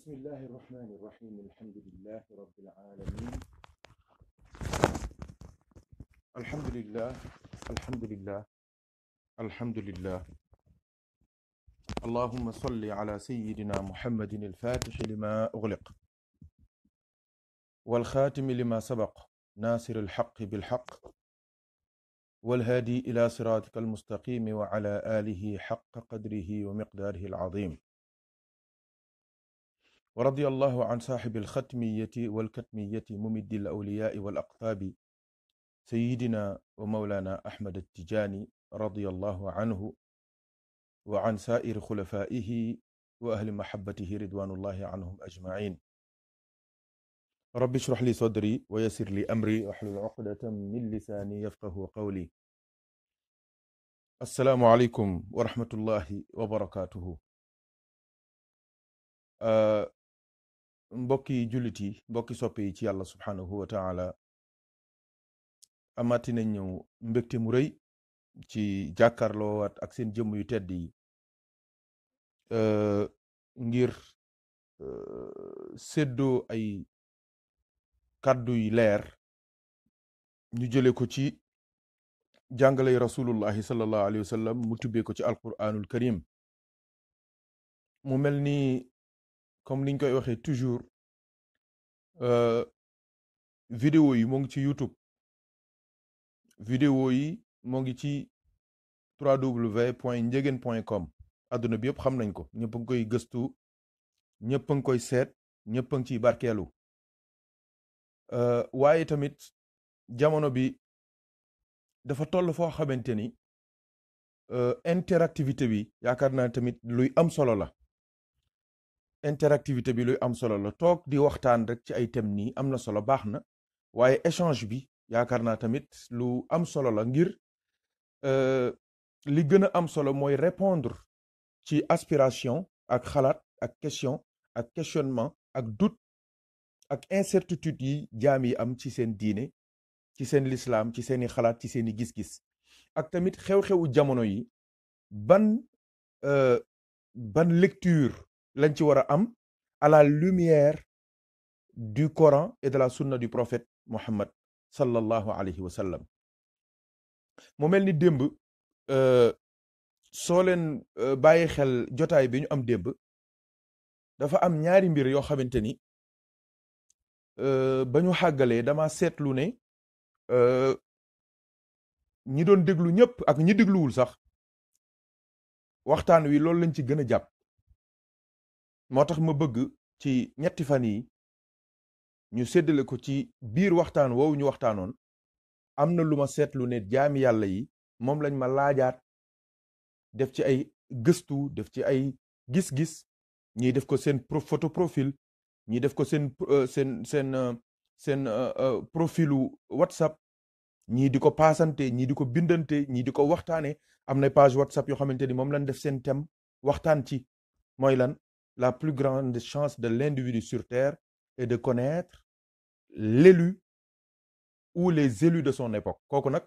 بسم الله الرحمن الرحيم الحمد لله رب العالمين الحمد لله الحمد لله الحمد لله اللهم صل على سيدنا محمد الفاتح لما أغلق والخاتم لما سبق ناصر الحق بالحق والهادي إلى صراطك المستقيم وعلى آله حق قدره ومقداره العظيم wa radi allahu an saaxibi alxatmiyati walkatmiyati mumiddi l awliyaai wal aqtaabi sayidina wa mawlaana ahmad attijaani radi allahu anhu wa an saairi xulafaa'ihi wa ahli mahabbatihi ridwanullahi anhum ajmain rabbi shrah li sadri wa yassir li amri wahlul uqdatan min lisaani yafqahu qawli assalaamu aleykum wa rahmatullahi wa barakaatuhu mbokki jullit yi mbokki soppe ci yàlla subhaanahu wa taala amati nañ ñëw mbégte mu rëy ci jàkkaarloowaat ak seen jëmm yu tedd yi ngir uh, ay kàddu yu leer ñu jële ko ci jàngaley rasulullahi sallallahu alayhi wa mu tubbee ko ci alquranul karim mu mel ni comme niñ koy waxee toujours euh, vidéo yi moo ngi ci YouTube vidéo yi moo ngi ci www point njegen point com adduna bi yëpp xam nañ ko ñëpp a koy gëstu ñëpp a ngi koy seet ñëpp a ngi ciy barkeelu euh, waaye tamit jamono bi dafa toll foo xamante ni euh, interactivité bi yaakaar naa tamit luy am solo la interactivité bi luy am solo la toog di waxtaan rek ci ay tem ni am na solo baax na waaye échange bi yaakaar naa tamit lu am solo la ngir euh, li gën a am solo mooy répondre ci aspiration ak xalaat ak question ak questionnement ak doute ak incertitude yi jaam yi am ci seen diine ci seen lislaam ci seeni xalaat ci seeni gis-gis ak tamit xew-xewu jamono yi ban euh, ban lecture lañ ci war a am à lumière du Coran et de la sunna du prophète Mohammed sallallahu alayhi wa sallam mu mel ni démb euh, soo leen euh, bàyyi xel jotaay bi ñu am démb dafa am ñaari mbir yoo xamante ni euh, ba ñu xàggalee dama seetlu ne ñi doon déglu ñëpp ak ñi dégluwul sax waxtaan wi loolu lañ ci gën a jàpp moo tax ma bëgg ci ñetti fan yi ñu séddale ko ci biir waxtaan woowu ñu waxtaanoon am na lu ma seetlu ne jaami yàlla yi moom lañ ma laajaat def ci ay gëstu def ci ay gis-gis ñiy def ko seen photo profil ñiy def ko seen euh, seen seen euh, seen euh, profilu WhatsApp ñii di ko paasante ñii di ko bindante ñii di ko waxtaane am na page WhatsApp yoo xamante ni moom lañ def seen thème waxtaan ci mooy lan la plus grande chance de l'individu sur Terre est de connaître l'élu ou les élus de son époque kooku nag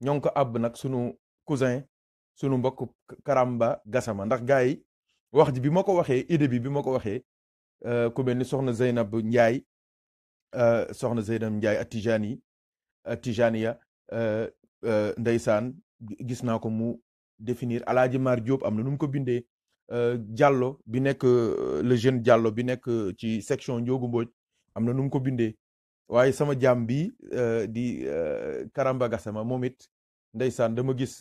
ñoo ngi ko àbb nag sunu cousin sunu mbokk Karamba Gassama ndax gars yi wax ji bi ma ko waxee idée bi bi ma ko waxee euh, ku mel ni soxna Zeynab Ndiaye euh, soxna Zeynab Ndiaye ak Tijani Tijaniya euh, ndeysaan gis naa ko mu définir Alaaji Mar Diop am na nu mu ko bindee Euh, Diallo bi nekk euh, le jeune Diallo bi nekk euh, ci section Ndiogu Mbodj am na nu mu ko bindee waaye sama jaam bi di Karamba Gassama moom it ndeysaan dama gis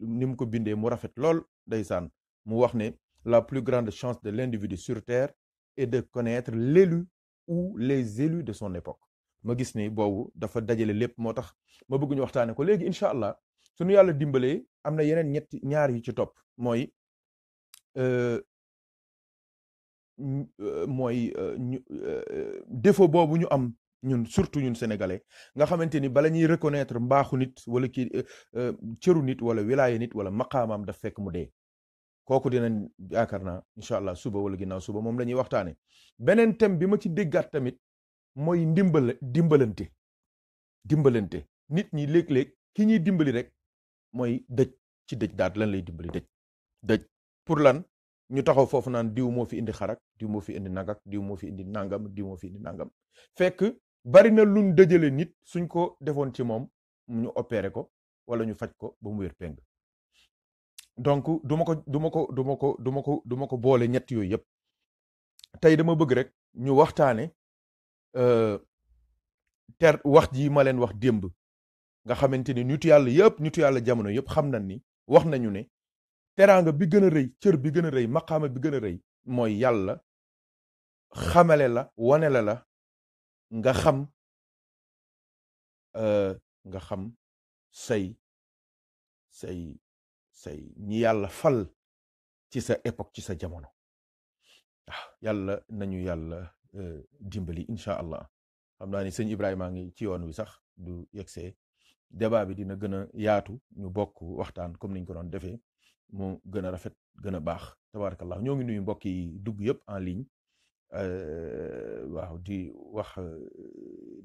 ni mu ko bindee mu rafet lool ndeysaan mu wax ne la plus grande chance de l'individu sur terre est de connaître l'élu ou les élus de son époque ma gis ni boobu dafa dajale lépp moo tax ma bëgg ñu waxtaane ko léegi incha allah sunu yàlla dimbalee am na yeneen ñett ñaar yu ci topp mooy mooy défo boobu ñu am ñun surtout ñun sénégalais nga xamante ni bala ñuy reconnaître mbaaxu nit wala kii cëru nit wala wilaaya nit wala maqaamaam daf fekk mu dee kooku dinañ yaakaar naa incha allah suba wala ginnaaw suba moom la ñuy waxtaane beneen thème bi ma ci déggaat tamit mooy ndimbal dimbalante dimbalante nit ñi léeg-léeg ki ñuy dimbali rek mooy dëj ci dëj daat lan lay dimbali dëj dëj pour lan ñu taxaw foofu naan diw moo fi indi xarak diw moo fi indi nagak diw moo fi indi nangam diw moo fi indi nangam fekk bari na luñ dëjale nit suñ ko defoon ci moom ñu opéré ko wala ñu faj ko ba mu wér peng donc du ma ko du ma ko du ma ko du ma ko du ma ko boole ñett yooyu yëpp tey dama bëgg rek ñu waxtaane euh, ter wax ji ma leen wax démb nga xamante ni nitu yàlla yëpp nitu yàlla jamono yëpp xam nañ ni wax nañu ne teraanga bi gën a rëy cër bi gën a rëy maqaama bi gën a rëy mooy yàlla xamale la wane la nga xam euh, nga xam say say say ñi yàlla fal ci sa époque ci sa jamono waaw ah, yàlla nañu yàlla euh, dimbali incha allah xam naa ni sëñ Ibrahima ngi ci yoon wi sax du yegsee débat bi dina gën a yaatu ñu bokk waxtaan comme niñ ko doon defee mu gën a rafet gën a baax tabarakallah ñoo ngi nuyu mbokk yi dugg yëpp en ligne euh, waaw di wax euh,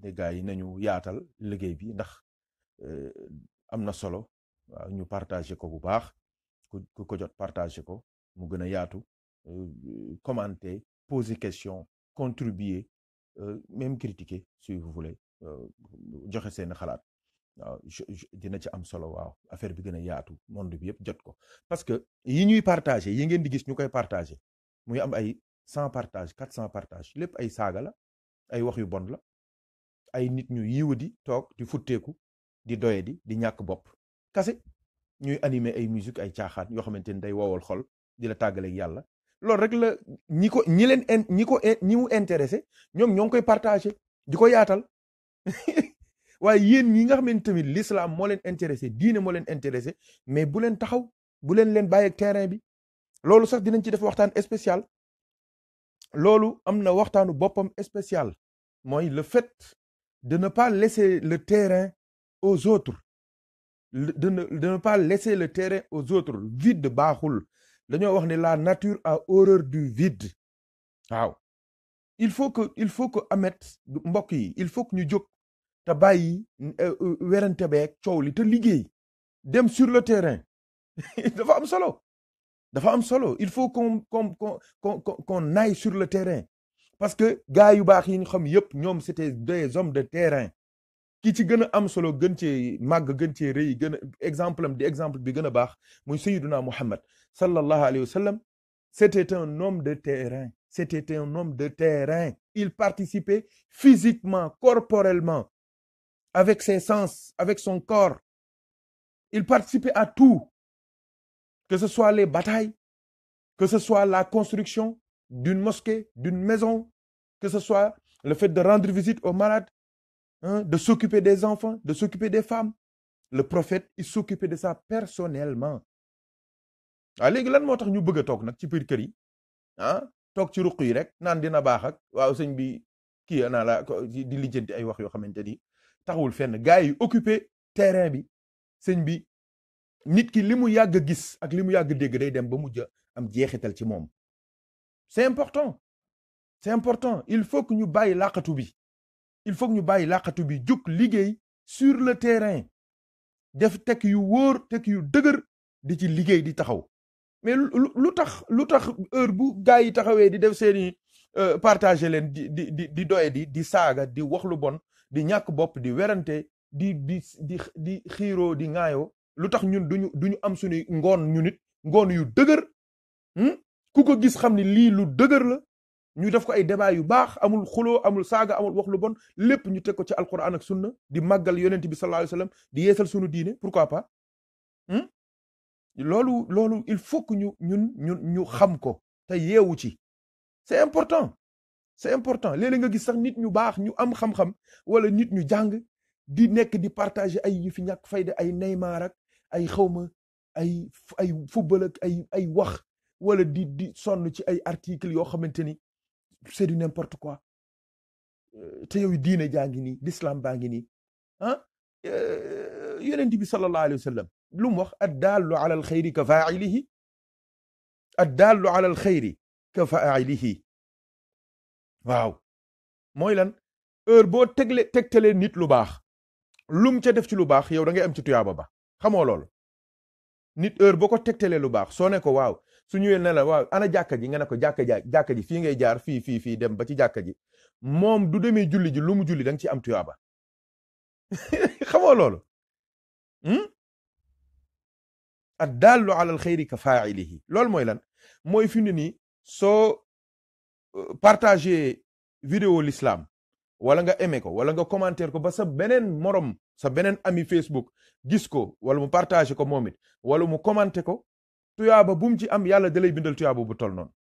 ne gars yi nañu yaatal liggéey bi ndax euh, am na solo waaw ñu partagé ko bu baax ku ko jot partagé ko mu gën a yaatu commenter poser question contribuer même critiquer si vous voulez joxe seeni xalaat waaw dina ci am solo waaw affaire bi gën a yaatu monde bi yëpp jot ko parce que yi ñuy partagé yi ngeen di gis ñu koy partagé muy am ay cent partage quatre cent partage lépp ay saaga la ay wax yu bon la ay nit ñu yiiwa di toog di futteeku di doye di di ñàkk bopp kase ñuy animé ay musique ay caaxaan yoo xamante ni day wowal xol di la tàggaleeg yàlla loolu rek la ñi ko ñi leen ñi ko ñi mu intéressé ñoom ñoo ngi koy partagé di ko yaatal waaye yéen ñi nga xam tamit l'islam moo leen intéressé diine moo leen intéressé mais buleen taxaw bu leen leen bàyyeeg terrain bi loolu sax dinañ ci def waxtaan spécial loolu am na waxtaanu boppam spécial mooy le fait de ne pas laisser le terrain aux autres de ne de pas laisser le terrain aux autres vide baaxul dañoo wax ne la nature à horreur du vide waaw il faut que il faut que amet mbokk yi il faut ñu jóg te bàyyi euh, euh, werante beeg coow li te liggéey dem sur le terrain dafa am solo dafa am solo il faut qu'on qu'on qu'on kon aille sur le terrain parce que gars yu baax yi ñu xam yépp ñoom c'était des hommes de terrain ki ci gën a am solo gën cee màgg gën cee rëy gën exemple am di exemple bi gën a baax muy Sayyiduna Muhammad sallallahu alayhi wa sallam c'était un homme de terrain c'était un homme de terrain il participait physiquement corporellement avec ses sens, avec son corps. Il participait à tout, que ce soit les batailles, que ce soit la construction d'une mosquée, d'une maison, que ce soit le fait de rendre visite aux malades, de s'occuper des enfants, de s'occuper des femmes. Le prophète, il s'occupait de ça personnellement. waaw ah, léegi lan moo tax ñu bëgg a toog nag ci biir kër yi ah toog ci ruq yi rek naan dina baax ak waaw sëñ bi kii naa la di lijjanti ay wax yoo xamante ni taxawul fenn gars yi occupé terrain bi sëñ bi nit ki li mu yàgg gis ak li mu yàgg dégg day dem ba mujj am jeexital ci moom c'est important il faut que ñu bàyyi làqatu bi il faut ñu bàyyi làqatu bi jug liggéey sur le terrain def tekk yu wóor tekk yu dëgër di ci liggéey di taxaw mais lu tax lu tax heure bu gars yi taxawee di def seeni euh, partager leen di di di di di saaga di wax lu bon di ñàkk bopp di werante di di di di xiiroo di ŋaayoo lu tax ñun du ñu am suñuy ngoon ñu nit ngoon yu dëgër hmm? ku ko gis xam ne lii lu dëgër la ñu def ko ay débat yu baax amul xuloo amul saaga amul wax lu bon lépp ñu teg ko ci alquran ak sunna di màggal yonent bi sallallahu alayhi wasallam di yeesal sunu diine pourquoi pas hmm? loolu loolu il faut ñu ñun ñun ñu xam ko te yeewu ci c'est important c'est important léeg nga gis sax nit ñu baax ñu am xam-xam wala nit ñu jàng di nekk di partager ay fi ñàkk fayda ay Neymar ak ay xawma ay ay football ay ay wax wala di di ci ay articles yoo xamante ni c'est du n'importe quoi euh, te yow diine jaa ngi nii l'islam baa ngi nii ah euh, yonent bi sallallahu alayhi wa sallam lu mu wax addaallu ala alxayri ka faa'ilihi addaallu ala alxayri ka faa'ilihi waaw mooy lan heure boo tegle tegtalee nit lu baax lum ca def ci lu baax yow da ngay am ci tuyaaba ba xamoo lool nit heure boo ko tegtalee lu baax soo ne ko waaw su ñëwee ne la waaw ana jàkka ji nga ne ko jàkka ja jàkka ji fii ngay jaar fii fii fii dem ba ci jàkka ji moom du demee julli ji lu mu julli da ci am tuyaaba xamoo loolu hmm? ad daallu ala alxeyri ka faa'ilihi lool mooy lan mooy fi nii soo Euh, partager vidéo lislaam wala nga emee ko wala nga commentaire ko ba sa beneen morom sa beneen ami Facebook gis ko wala mu partagé ko moom it wala mu commenté ko tuyaaba bu mu ci am yàlla lay bindal tuyaaba bu tol noonu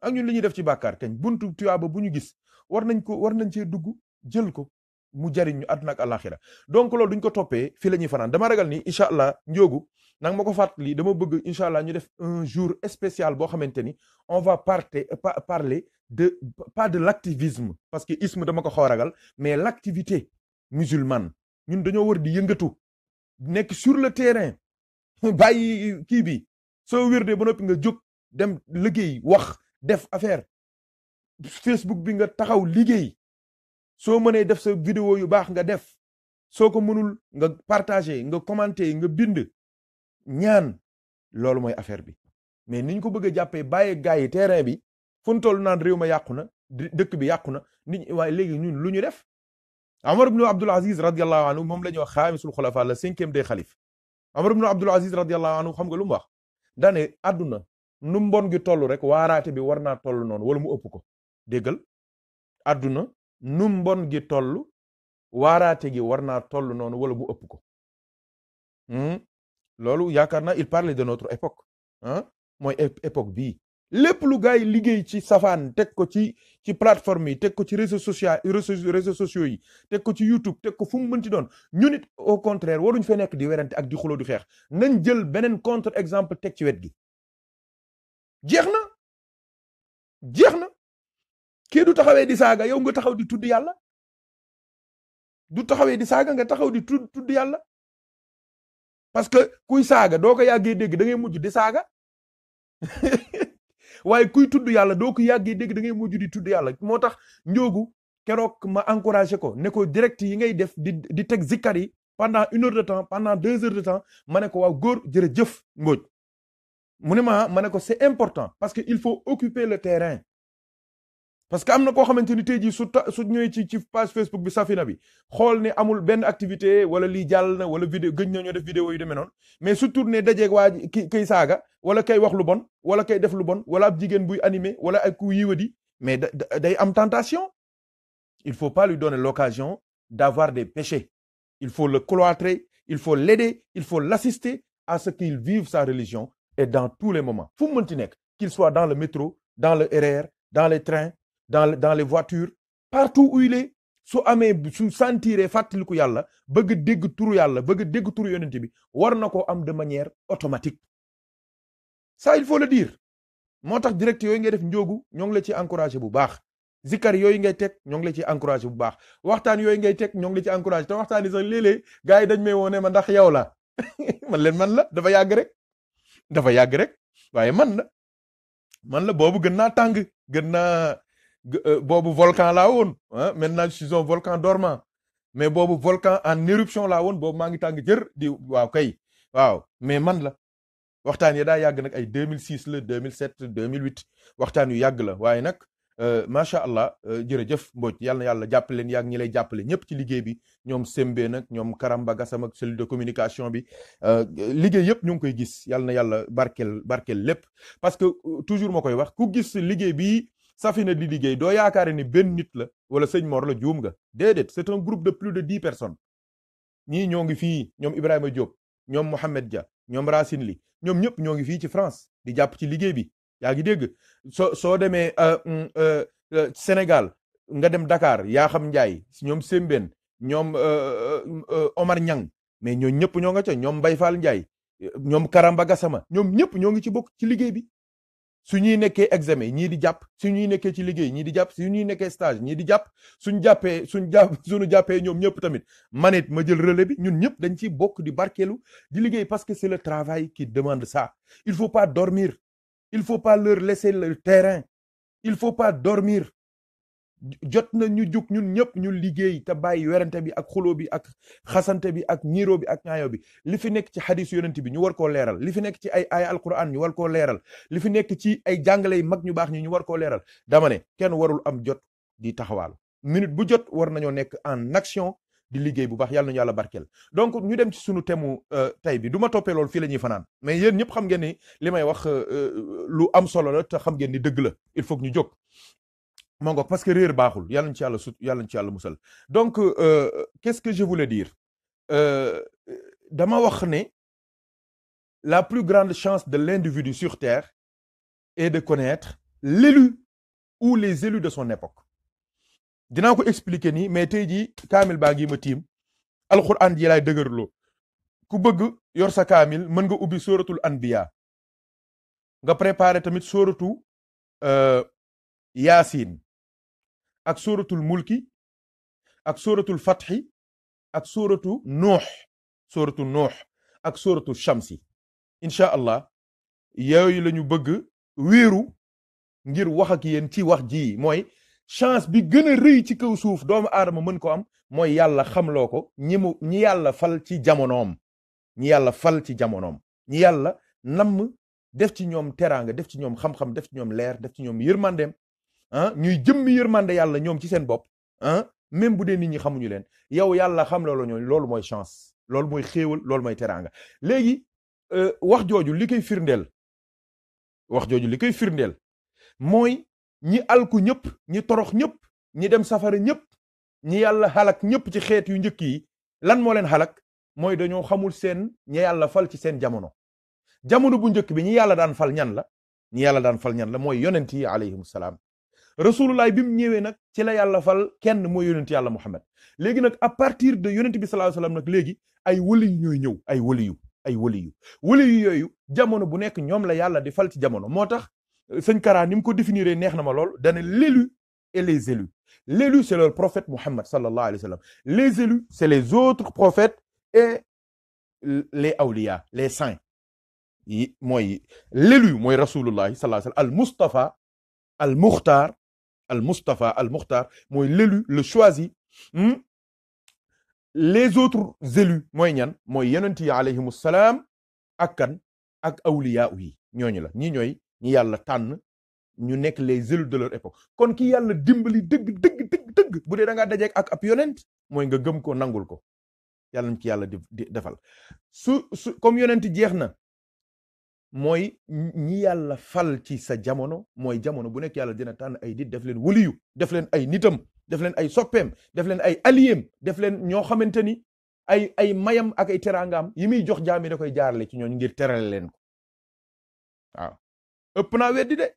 ak ñun li ñuy def ci bàkkaar kañ buntu tuyaaba bu ñu gis war nañ ko war nañ cee dugg jël ko mu jariñ ñu àdduna ak donc lool duñ ko toppee fii la ñuy fanaan dama ragal ni incha allah njóogu nag ma ko fàttali dama bëgg incha allah ñu def un jour spécial boo xamante ni on va parte parler de pas de l'activisme parce que isme dama ko xaw ragal mais l'activité musulmane ñun dañoo war di yëngatu nekk sur le terrain bàyyi kii bi soo wérdee ba noppi nga jog dem liggéey wax def affaire Facebook bi nga taxaw liggéey soo mënee def sa vidéo yu baax nga def soo ko mënul nga partager nga commenter nga bind ñaan loolu mooy affaire bi mais ni ñu ko bëgg jàppee bàyyi gars yi terrain bi fu ñu toll naan réew ma yàqu na dëkk bi yàqu na nit waaye léegi ñun lu ñu def Omar ibn Abdul Aziz radiyallahu anhu moom la ñuy wax xaamisul xulafa la cinquième des xalif Omar ibn Abdul Aziz radiyallahu anhu xam ga lu mu wax daane àdduna nu mbon gi toll rek waaraate bi war naa toll noonu wala mu ëpp ko déggal àdduna nu mbon gi toll waaraate gi war naa toll noonu wala mu ëpp ko hmm? loolu yaakaar naa il parlait de notre époque mooy époque bi lépp lu gars yi liggéey ci safaan teg ko ci ci plateforme yi teg ko ci réseaux sociaux réseaux sociaux yi teg ko ci YouTube teg ko fu mu mënti doon ñu nit au contraire waruñ fee nekk di werante ak di xuloo di xeex nañ jël beneen contre exemple teg ci wet gi jeex na jeex kii du taxawee di saaga yow nga taxaw di tudd yàlla du taxawee di saaga nga taxaw di tudd tudd yàlla parce que kuy saaga doo ko yàggee dégg da ngay mujj di saaga waaye kuy tudd yàlla doo ko yàggee dégg da ngay mujj di tudd yàlla moo tax njoogu keroog ma encouragé ko ne ko direct yi ngay def di di teg zikkar yi pendant une heure de temps pendant deux heures de temps ma ne ko waaw góor jërëjëf ngóoj mu ne ma ma ne ko c'est important parce que il faut occuper le terrain parce que am na koo xamante ni tey jii su ta su ci ci page Facebook bi Safina bi xool ne amul benn activité wala lii jàll na wala vidéo gën na ñoo def vidéo yu demee noonu mais su ne dajeeg waa ki kay saaga wala kay wax lu bon wala kay def lu bon wala jigéen buy animé wala ay ku yiwadi mais day am tentation il faut pas lui donner l'occasion d'avoir des péchés il faut le cloîtrer il faut l'aider il faut l'assister à ce qu'il vive sa religion et dans tous les moments fu mu mënti nekk qu'il soit dans le métro dans le RER dans les trains dans dans les voitures partout où il est su amee su sentiree fàttaliku yàlla bëgg dégg turu yàlla bëgg dégg turu yonent bi war na ko am de manière automatique ça il faut le dire moo tax direct yooyu ngay def njóogu ñoo ngi la ciy encouragé bu baax zikar yooyu ngay teg ñoo ngi la ciy encouragé bu baax waxtaan yooyu ngay teg ñoo ngi la ciy encouragé te waxtaan yi sax léeg-léeg gars yi dañ may woone ma ndax yow la man leen man la dafa yàgg rek dafa yàgg rek waaye man la man la tàng Euh, boobu volcan laa woon ah maintenant je suis un volcan dormant mais boobu volcan en éruption laa woon boobu maa ngi tàng jër di waaw kay waaw mais man la waxtaan yi daa yàgg nag ay 2006 la 2007 2008 waxtaan yu yàgg la waaye nag euh, macha allah euh, jërëjëf Mbodj yal na yàlla jàppale leen yàgg ñi lay jàppale ñëpp ci liggéey bi ñoom Sembe nag ñoom Karamba Gassam ak cellule de communication bi liggéey yëpp ñu ngi koy gis yal na yàlla barkel barkel lépp parce que toujours ma koy wax ku gis liggéey bi Safina di liggéey doo yaakaare ni benn nit la wala sëñ Mor la juum nga déedéet c'est un groupe de plus de dix personnes ñii ñoo ngi fii ñoom Ibrahima Diop ñoom Mohamed Dia ñoom rasin Li ñoom ñëpp ñoo ngi fii ci France di jàpp ci liggéey bi yaa ngi dégg soo soo demee euh, mm, euh, euh, Sénégal nga dem Dakar Yakham Ndiaye ñoom Sembène ñoom Omar ñang mais ñoo ñëpp ñoo nga ca ñoom mbay fal Ndiaye ñoom Karamba Gassama ñoom ñëpp ñoo ngi ci bokk ci liggéey bi su ñuy nekkee examen ñii di jàpp su ñuy nekkee ci liggéey ñii di jàpp su ñuy nekkee stage ñii di jàpp suñ jàppee suñ jàpp suñu jàppee ñoom ñëpp tamit man ma jël relais bi ñun ñëpp dañ ciy bokk di barkeelu di liggéey parce que c'est le travail qui demande ça il faut pas dormir il faut pas leur laisser le terrain il faut pas dormir jot na ñu jug ñun ñëpp ñu liggéey te bàyyi werante bi ak xuloo bi ak xasante bi ak ñiiroo bi ak ñaayo bi li fi nekk ci xadis yonent bi ñu war koo leeral li fi nekk ci ay ay alquran ñu war koo leeral li fi nekk ci ay jàngale yu mag ñu baax ñi ñu war koo leeral dama ne kenn warul am jot di taxawaal minute bu jot war nañoo nekk en action di liggéey bu baax yàlla nañu yàlla barkeel donc ñu dem ci sunu temu euh, tey bi du ma toppee loolu fii la ñuy fanaan mais yéen ñëpp xam ngeen ni li may wax euh, euh, lu am solo la xam ngeen ni dëgg la il ñu jóg moo parce que réer baaxul yàlla ñu ci yàlla sut yàlla ñu ci musal donc euh, ce que je voulais dire euh, dama wax ne la plus grande chance de l'individu sur terre est de connaître l'élu ou les élus de son époque dinaa ko expliquer nii mais tey jii kaamil baa ngi ma tiim alxuraan ji laay ku bëgg yor sa kaamil mën nga ubbi sóoratul anbiya nga préparer tamit sóoratu euh, ak suuratul mulki ak sóoratul fatxi ak sóoratu nuux sóoratu nuux ak sóoratu shamsi incha allah yooyu lañu bëgg wéeru ngir wax ak yéen ci wax ji mooy chance bi gën rëy ci kaw suuf doomu aadama mën ko am mooy yàlla xamloo ko ñi mu ñi yàlla fal ci jamonoom ñi yàlla fal ci jamonoom ñi yàlla namm def ci ñoom teraanga def ci ñoom xam-xam def ci ñoom leer def ci ñoom yërmandeem ah ñuy jëmmi yërmande yàlla ñoom ci seen bopp ah même bu dee nit ñi xamuñu leen yow yàlla xam la ñooñu loolu mooy chance loolu mooy xéewal loolu mooy teraanga léegi euh, wax jooju li koy firndeel wax jooju li koy firndeel mooy ñi alku ñëpp ñi torox ñëpp ñi dem safara ñëpp ñi yàlla xalak ñëpp ci xeet yu njëkk yi lan moo leen xalak mooy dañoo xamul seen ñi yàlla fal ci seen jamono jamono bu njëkk bi ñi yàlla daan fal ñan la ñi yàlla daan fal ñan la mooy yonent yi alayhim salaam rasulullah bi mu ñëwee nag ci la yàlla fal kenn mooy yonent yàlla Muhammad léegi nag à partir de yonent bi sallallahu alayhi wasallam nag léegi ay wali yu ñooy ñëw ay wali yu ay wali yu wali yu yooyu jamono bu nekk ñoom la yàlla di fal ci jamono moo tax euh, sëñ Kara ni mu ko définir neex na ma lool dana l'élu et les élus l'élu c'est le prophète Muhammad sallallahu alayhi wasallam les élus c'est les autres prophètes et les awliya les saints yi mooy l'élu mooy rasulullah sallallahu alayhi wasallam al Mustafa al Mukhtar al Mustafa al mooy l'élu le choisi hmm? les autres élus mooy ñan mooy yonent yi salaam ak kan ak awliya yi ñooñu la ñi ñooy ñi yàlla tànn ñu nekk les élus de leur époque kon ki yàlla dimbali dëgg dëgg dëgg dëgg bu dee da ngaa ak ab yonent mooy nga gëm ko nangul ko yàlla ci yàlla di defal su su comme yonent jeex na mooy ñi yàlla fal ci sa jamono mooy jamono bu nekk yàlla dina tànn ay nit def leen wuliyu def leen ay nitam def leen ay soppeem def leen ay aliyem def leen ñoo xamante ni ay ay mayam ak ay teraangaam yi muy jox jaam yi da koy jaarale ci ñooñ ngir terale leen ko waaw ëpp naa weddi de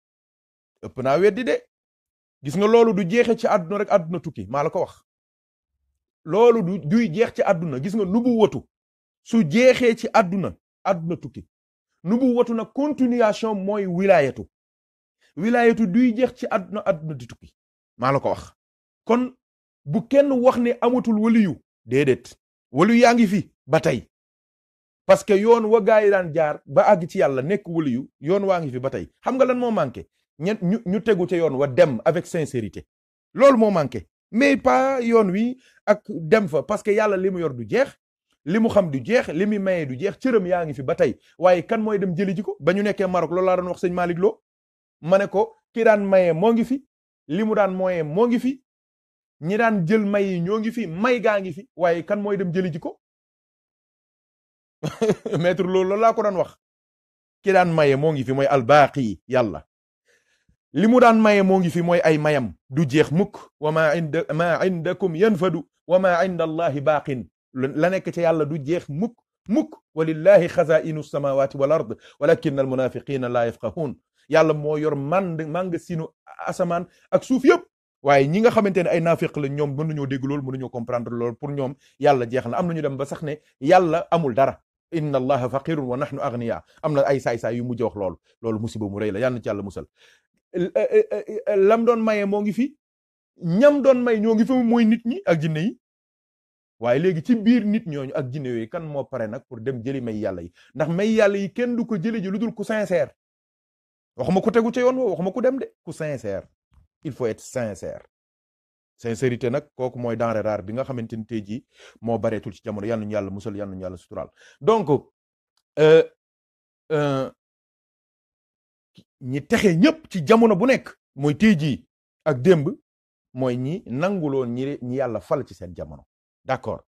ëpp naa weddi de gis nga loolu du jeexe ci àdduna rek àdduna tukki maa ko wax loolu du duy jeex ci àdduna gis nga nubu watu su jeexee ci àdduna àdduna tukki nubuwatu nag continuation mooy wilaayatu wilaayatu duy jeex ci àdduna àdduna di tukki maa la ko wax kon bu kenn wax ne amatul waliyu déedéet waliyu yaa ngi fi ba tey parce que yoon wa gaa yi daan jaar ba àgg ci yàlla nekk waliyu yoon waa ngi fi ba tey xam nga lan moo manqué ñet ñu ñu tegu ci yoon wa dem avec sincérité loolu moo manqué mais pas yoon wi ak dem fa parce que yàlla li yor du jeex li mu xam du jeex li muy mayee du jeex cëram yaa ngi fi ba tey waaye kan mooy dem jëli ji ko ba ñu nekkee Maroc wax sëñ Malick Lo ma ne ko ki daan mayee moo ngi fi li mu daan mooyee moo ngi fi ñi daan jël may yi ñoo ngi fi may gaa ngi fi waaye kan mooy dem jëli ji ko maître loolu loolu laa ko doon wax ki daan maye moo ngi fi mooy albaaqi yàlla li mu daan maye moo ngi fi mooy ay mayam du jeex mukk wa ma inda ma indakum yanfadu wa ma inda allahi baaqin la nekk ca yàlla du jeex mukk mukk walillahi xazainu samawati wal ard walakin al munafiqina la yafqahun yàlla moo yor mand manga sinu asamaan ak suuf yëpp waaye ñi nga xamante ne ay naafiq la ñoom mënuñoo dégg lool mënuñoo comprendre lool pour ñoom yàlla jeex na am nañu dem ba sax ne yàlla amul dara inna allaha faqirun wa nahnu aghniya am na ay saay-saay yu joox lool loolu loolu musiba mu rëy la yàlla na ci yàlla musal eh, eh, eh, lam doon maye moo ngi fi ñam doon may ñoo ngi fi mooy nit ñi ak jinne yi waaye léegi ci biir nit ñooñu ak jinne yooyu kan moo pare nag pour dem jëli may yàlla yi ndax may yàlla yi kenn du ko jëli ji lu dul ku sincère waxuma ku tegu ca yoon woo waxuma ku dem de ku sincère il faut être sincère sincérité nag kooku mooy denrée rare bi nga xamante ni tey jii moo bareetul ci jamono yal nañu yàlla musal yal nañu yàlla suturaal donc euh, euh, ñi texe ñëpp ci jamono bu nekk mooy tey jii ak démb mooy ñi nanguloon ñi ñi yàlla fal ci seen jamono d'accord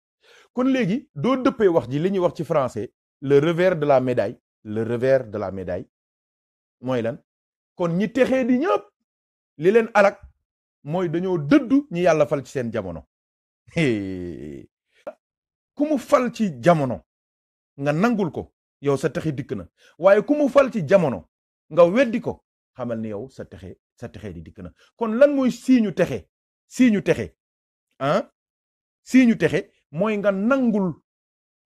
kon léegi doo dëppee wax ji li ñuy wax ci français le revers de la médaille le revers de la médaille mooy lan kon ñi texee di ñëpp li leen alak mooy dañoo dëddu ñi yàlla fal ci seen jamono ku mu fal ci jamono nga nangul ko yow sa texe dikk na waaye ku mu fal ci jamono nga weddi ko xamal ni yow sa texe di dikk na kon lan mooy si siiñu texe siiñu texe ah sii texe mooy nga nangul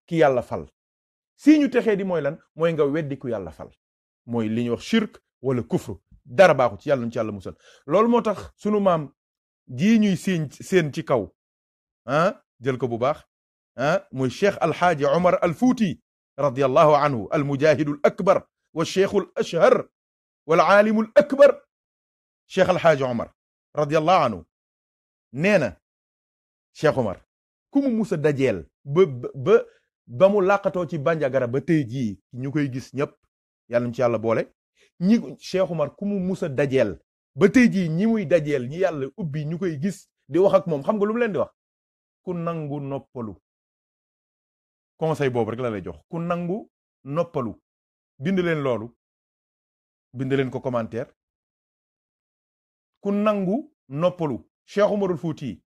ki yàlla fal siiñu texe di mooy lan mooy nga weddi ku yàlla fal mooy li ñuy wax shirk wala kufru dara baaxu ci yàlla nu ci yàlla musal lool moo tax sunu maam jii ñuy seen seen ci kaw ah jël ko bu baax ah muy cheikh alxaaji omar al fuuti radiyallahu anhu al mujahidu al akbar wa cheikhu al ashhar wal aalimu anhu nee na cheikh ku mu mus dajeel ba ba mu làqatoo ci Bandiagara ba tey jii ñu koy gis ñëpp yàlla ñu ci yàlla boole ñi Cheikh Umar ku mu mus dajeel ba tey jii ñi muy dajeel ñi yàlla ubbi ñu koy gis di wax ak moom xam nga lu mu leen di wax ku nangu noppalu conseil boobu rek la jox ku nangu noppalu bind leen loolu leen ko commentaire ku nangu noppalu Cheikh Umarul Fuuti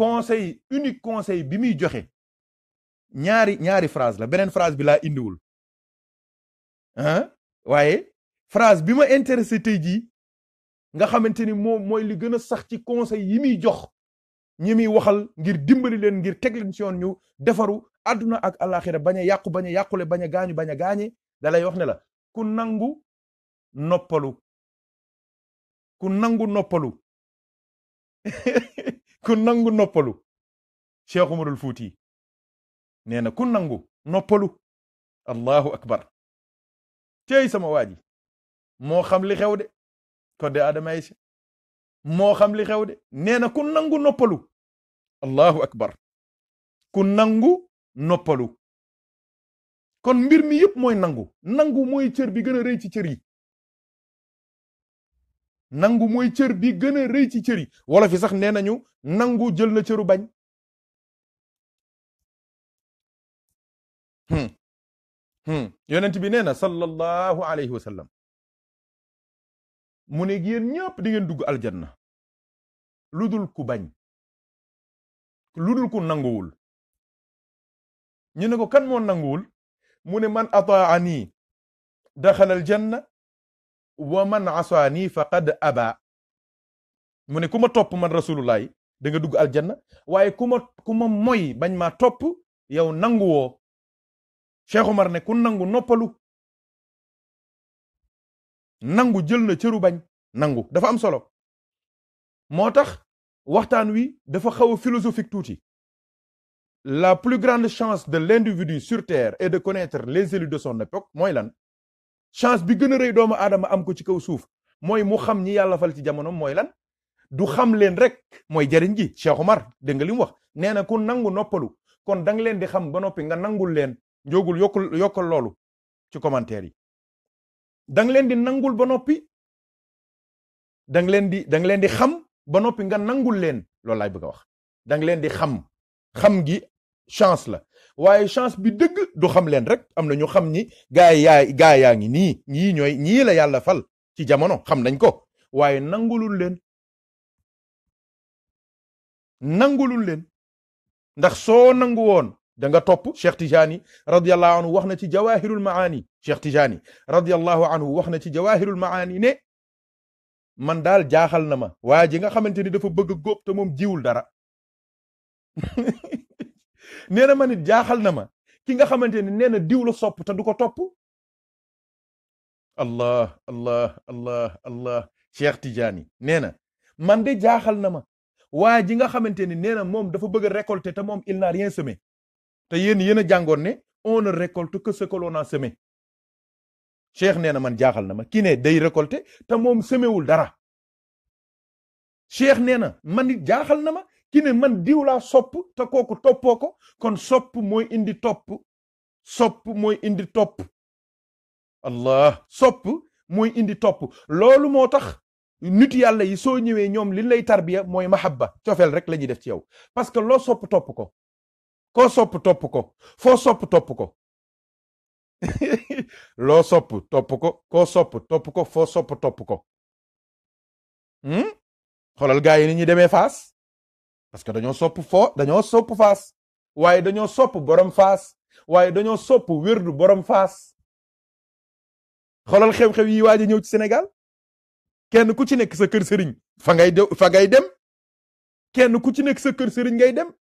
conseil unique conseil bi muy joxe ñaari ñaari phrase la beneen phrase bi laa indiwul ah waaye phrase bi ma intéressé tey jii nga xamante ni moom mooy li gën a sax ci conseil yi muy jox ñi muy waxal ngir dimbali leen ngir teg leen yoon ñu defaru àdduna ak àllaaxira bañ yàqu bañ yàqule bañ a gaañu bañ a gaañe dalay lay wax ne la ku nangu noppalu ku nangu noppalu ku nangu noppalu Cheikh Umarul Fuuti nee na nangu noppalu allahu akbar tey sama waa ji moo xam li xew de kodde Adama Aysa moo xam li xew de nee na ku nangu noppalu allahu akbar ku nangu noppalu kon mbir mi yëpp mooy nangu nangu moy cër bi gën a rëy ci cër yi nangu mooy cër bi gën a rëy ci cër yi wala fi sax nee nañu nangu jël na cëru bañ hmm. hmm. yonent bi nee na sallallahu alayhi wa mu ne yéen ñëpp di dugg aljanna lu dul ku bañ lu dul ku nanguwul ñu ne ko kan moo nanguwul mu ne man ataani daxala aljanna wa man asaani faqad aba mu ne ku ma topp man rasulullah danga nga dugg aljanna waaye ku ma ku moy bañ maa topp yow nangu woo Cheikh Omar ne ku nangu noppalu nangu jël na cëru bañ nangu dafa am solo moo tax waxtaan wi dafa xaw a philosophique tuuti la plus grande chance de l'individu sur terre est de connaître les élus de son époque mooy lan chance bi gën a rëy doomu aadama am ko ci kaw suuf mooy mu xam ñi yàlla fal ci jamono mooy lan du xam leen rek mooy jariñ gi Cheikh Omar dégg nga li wax nee na ku nangu noppalu kon da nga leen di xam ba noppi nga nangul leen njóogul yokkul yokkal ci commentaire yi da leen di nangul ba noppi da leen di da leen di xam ba noppi nga nangul leen loolu laay bëgg wax da leen di xam xam gi chance la waaye chance bi dëgg du xam leen rek am na ñu xam ni gaa yaa gaa yaa ngi nii ñii ñooy ñii la yàlla fal ci jamono xam nañ ko waaye nangulul leen nangulul leen ndax soo nangu woon danga nga topp Cheikh Tijani radiyallahu anhu wax na ci jawahirul maani Cheikh Tijani radiyallahu anhu wax na ci jawahirul maani ne man daal jaaxal na ma waa ji nga xamante ni dafa bëgg góob te moom jiwul dara nee na ma nit jaaxal na ma ki nga xamante ne nee na diw la sopp te du ko topp allah allah allah allah Cheikh Tidiane nee na man de jaaxal na ma waa ji nga xamante ni nee na moom dafa bëgg a récolter te moom il n'a rien semé te yéen yéen a jàngoon ne on ne récolte que ce que l'on Cheikh nee na man jaaxal na ma ki ne day récolter te moom seméwul dara Cheikh nee na man jaaxal na ma ki ne man diw sopp te kooku toppoo ko kon sopp mooy indi topp sopp mooy indi topp allah sopp mooy indi topp loolu moo tax nit yàlla yi soo ñëwee ñoom li lay tarbiya mooy mahabba cofeel rek la ñuy def ci yow parce que loo sopp topp ko koo sopp topp ko foo sopp topp ko loo sopp topp ko sopp topp ko sopp topp ko hmm? xoolal gaa yi ni ñuy demee faas parce que dañoo sopp fo dañoo sopp faas waaye dañoo sopp borom faas waaye dañoo sopp wérdu borom faas xoolal xew-xew yi waaj a ñëw ci Sénégal kenn ku ci nekk sa kër sëriñ fa ngay dem kenn ku ci nekk sa kër sëriñ ngay dem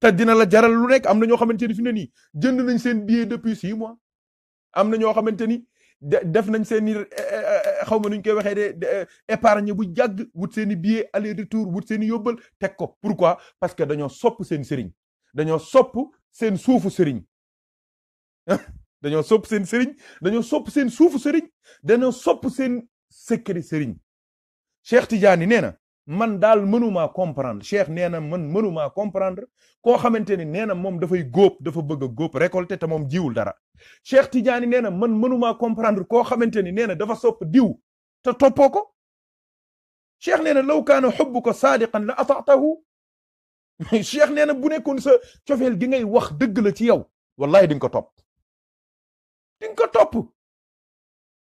te dina la jaral lu nekk am na ñoo xamante ni fi ne nii jënd nañ seen billet depuis six mois am na ñoo xamante ni def nañ seen eh, eh, xaw ma nuñ koy waxee de euh, épargne bu jàgg wut seeni i billet aller retour wut seen i yóbbal teg ko pourquoi parce que dañoo sopp seen sëriñ dañoo sopp seen suufu sëriñ dañoo sopp seen sëriñ dañoo sopp seen suufu sëriñ dañoo sopp seen secret sëriñ Cheikh Tidiane nee na man daal mënumaa comprendre Cheikh nee na man mënumaa comprendre koo xamante ni nee na moom dafay góob dafa bëgg a góob récolter te moom jiwul dara Cheikh Tidiane nee na man mënumaa comprendre koo xamante ni nee na dafa sopp diw te toppoo ko Cheikh na law kaana hubbuka saadiqan la ataatahu Cheikh nee na bu nekkoon sa cofeel gi ngay wax dëgg la ci yow wallahi di nga ko topp di ko topp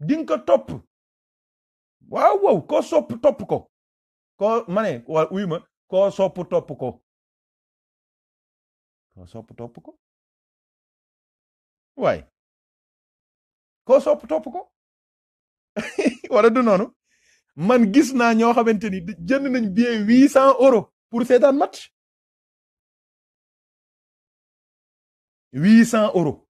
di ko topp waaw waaw koo sopp topp ko koo ma ne wa uy ma sopp topp ko koo sopp topp ko waaye koo sopp topp ko wala du noonu man gis naa ñoo xamante ni jënd nañ billet huit cent euros pour seetaan match huit cent euros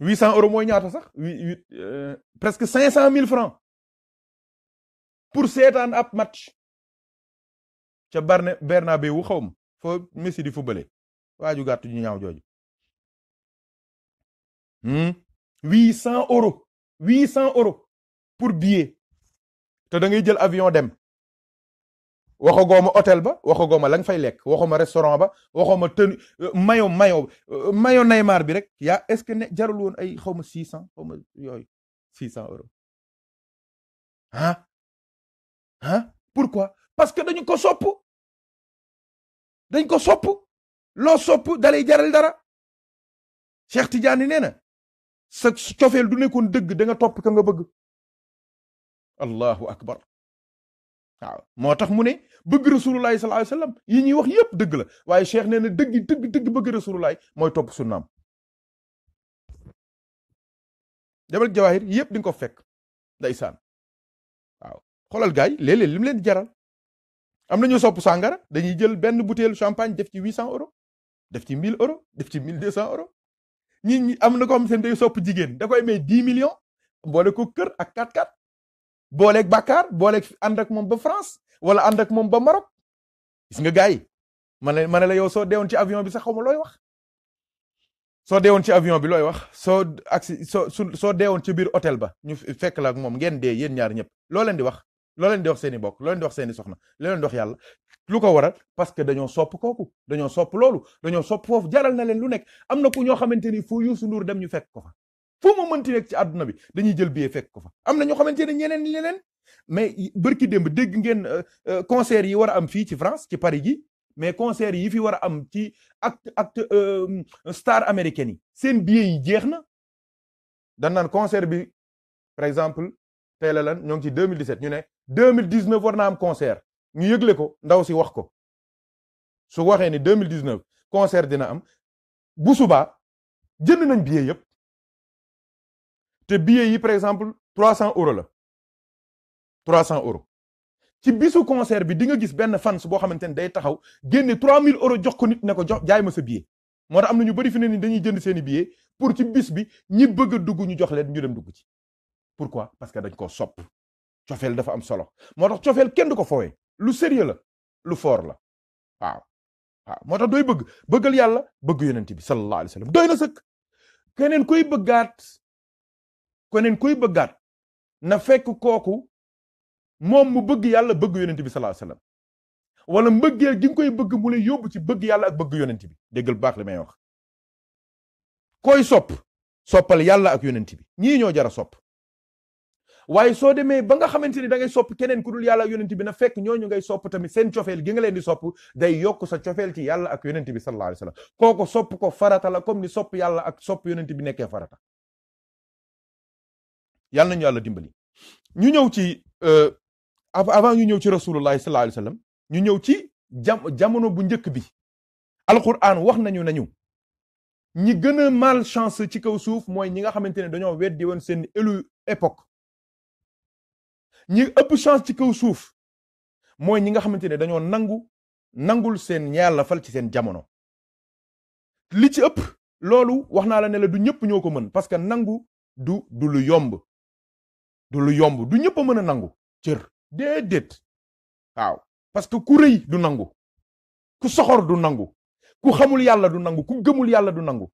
huit cent euros mooy ñaata sax huit euh, presque cinq cent mille francs pour seetaan ab match ca Barne Bernabé wu xawma foo Messi di footballé waaju gàtt ju ñaaw jooju hmm? huit cent euros huit cent euros pour billet te da ngay jël avion dem waxagooma hôtel ba waxagooma la nga fay lekk waxuma restaurant ba waxuma tenue mayo mayo mayo Neymar bi rek ya est-ce que ne jarul woon ay xawma six cent xawma yooyu six cent euros ah pourquoi parce que dañ ko sopp dañ ko sopp loo sopp dalay jaral dara Cheikh Tidiane nee na sa cofeel du nekkoon dëgg danga topp ka nga bëgg allahu akbar waaw moo tax mu ne bëgg rasulullahi sa alayhi wasallam yi ñuy wax yépp dëgg la waaye Cheikh nee na dëgg dëgg dëgg bëgg rasulullahi mooy topp sunnaam jabal jawahir yépp di ko fekk ndeysaan xoolal gars yi li mu leen jaral am na ñu sopp sàngara dañuy jël benn bouteille champagne def ci 800 euros def ci 1000 euros def ci 1200 euros ñi ñi am na ko xam seen day sopp jigéen da koy may 10 millions boole ko kër ak 4-4 booleeg Bakar booleeg ànd ak moom ba France wala ànd ak moom ba Maroc gis nga gars yi ma ne ma ne la yow soo deewoon ci avion bi sax xaw ma looy wax soo deewoon ci avion bi looy wax soo ak soo soo deewoon ci biir hôtel ba ñu fekk ak moom ngeen dee yéen ñaar ñëpp loo leen di wax loo leen seeni bokk loo leen seeni wax seen i soxna loo leen di wax yàlla lu ko waral parce que dañoo sopp kooku dañoo sopp loolu dañoo sopp foofu jaral na leen lu nekk amna na ku ñoo xamante ni fu Youssou Ndour dem ñu fekk ko fa fu mu mënti nekk ci àdduna bi dañuy jël billet fekk ko fa am na ñoo xamante ne ñeneen leneen mais bërki démb dégg ngeen euh, euh, concert yi war a am fii ci France ci Paris gi mais concert yi fi war a am ci act act euh, star américaine yi seen billet yi jeex na dan naan concert bi par exemple tey la lan ñoo ngi ci 2017 ñu ne 2019 war naa am concert ñu yëgle ko ndaw si wax ko su waxee ni 2019 concert dina am bu subaa jënd nañ billet yëpp te billet yi par exemple 300 euro la 300 euros ci bisu concert bi di nga gis benn fans boo xamante ni day taxaw génne 3000 euros jox ko nit ne ko jox jaay ma sa billet moo tax am na ñu bari fi ne ni dañuy jënd seeni billet pour ci bis bi ñi bëgg a dugg ñu jox leen ñu dem dugg ci pourquoi parce que dañ koo sopp cofeel dafa am solo moo tax cofeel kenn du ko foowe lu sérieux la lu foor la waaw moo tax doy bëgg bëggal yàlla bëgg yonent bi sallallahu alayhi wa sallam doy na sëkk keneen koy bëggaat keneen bëggaat na fekk kooku moom mu bëgg yàlla bëgg yonent bi sallallahu alayhi wa wala mbëggeel gi koy bëgg mu lay yóbbu ci bëgg yàlla ak bëgg yonent bi déggal baax li may wax koy sopp soppal yàlla ak yonent bi ñii ñoo jara sopp waaye soo demee ba nga xamante ni da ngay sopp keneen ku dul yàlla ak bi na fekk ñooñu ngay sopp tamit seen cofeel gi nga leen di sopp day yokk sa cofeel ci yàlla ak yonent bi sallallahu alayhi wa sallam kooko sopp ko farata la comme ni sopp yàlla ak sopp yonent bi nekkee farata yàlla nañu yàlla dimbali ñu ñëw ci euh, avant ñu ñëw ci rasulullahi sallallahu alayhi wa sallam ñu ñëw ci jam jamono bu njëkk bi alquran wax nañu nañu ñi gën a chance ci kaw suuf mooy ñi nga xamante ne dañoo weddi woon seen élu époque ñi ëpp chance ci kaw suuf mooy ñi nga xamante ne dañoo nangu nangul seen yàlla fal ci seen jamono li ci ëpp loolu wax naa la ne du ñëpp ñoo ko mën parce que nangu du du lu yomb du yomb du ñëpp mën a nangu cër déedéet waaw parce que ku rëy du nangu ku soxor du nangu ku xamul yàlla du nangu ku gëmul yàlla du nangu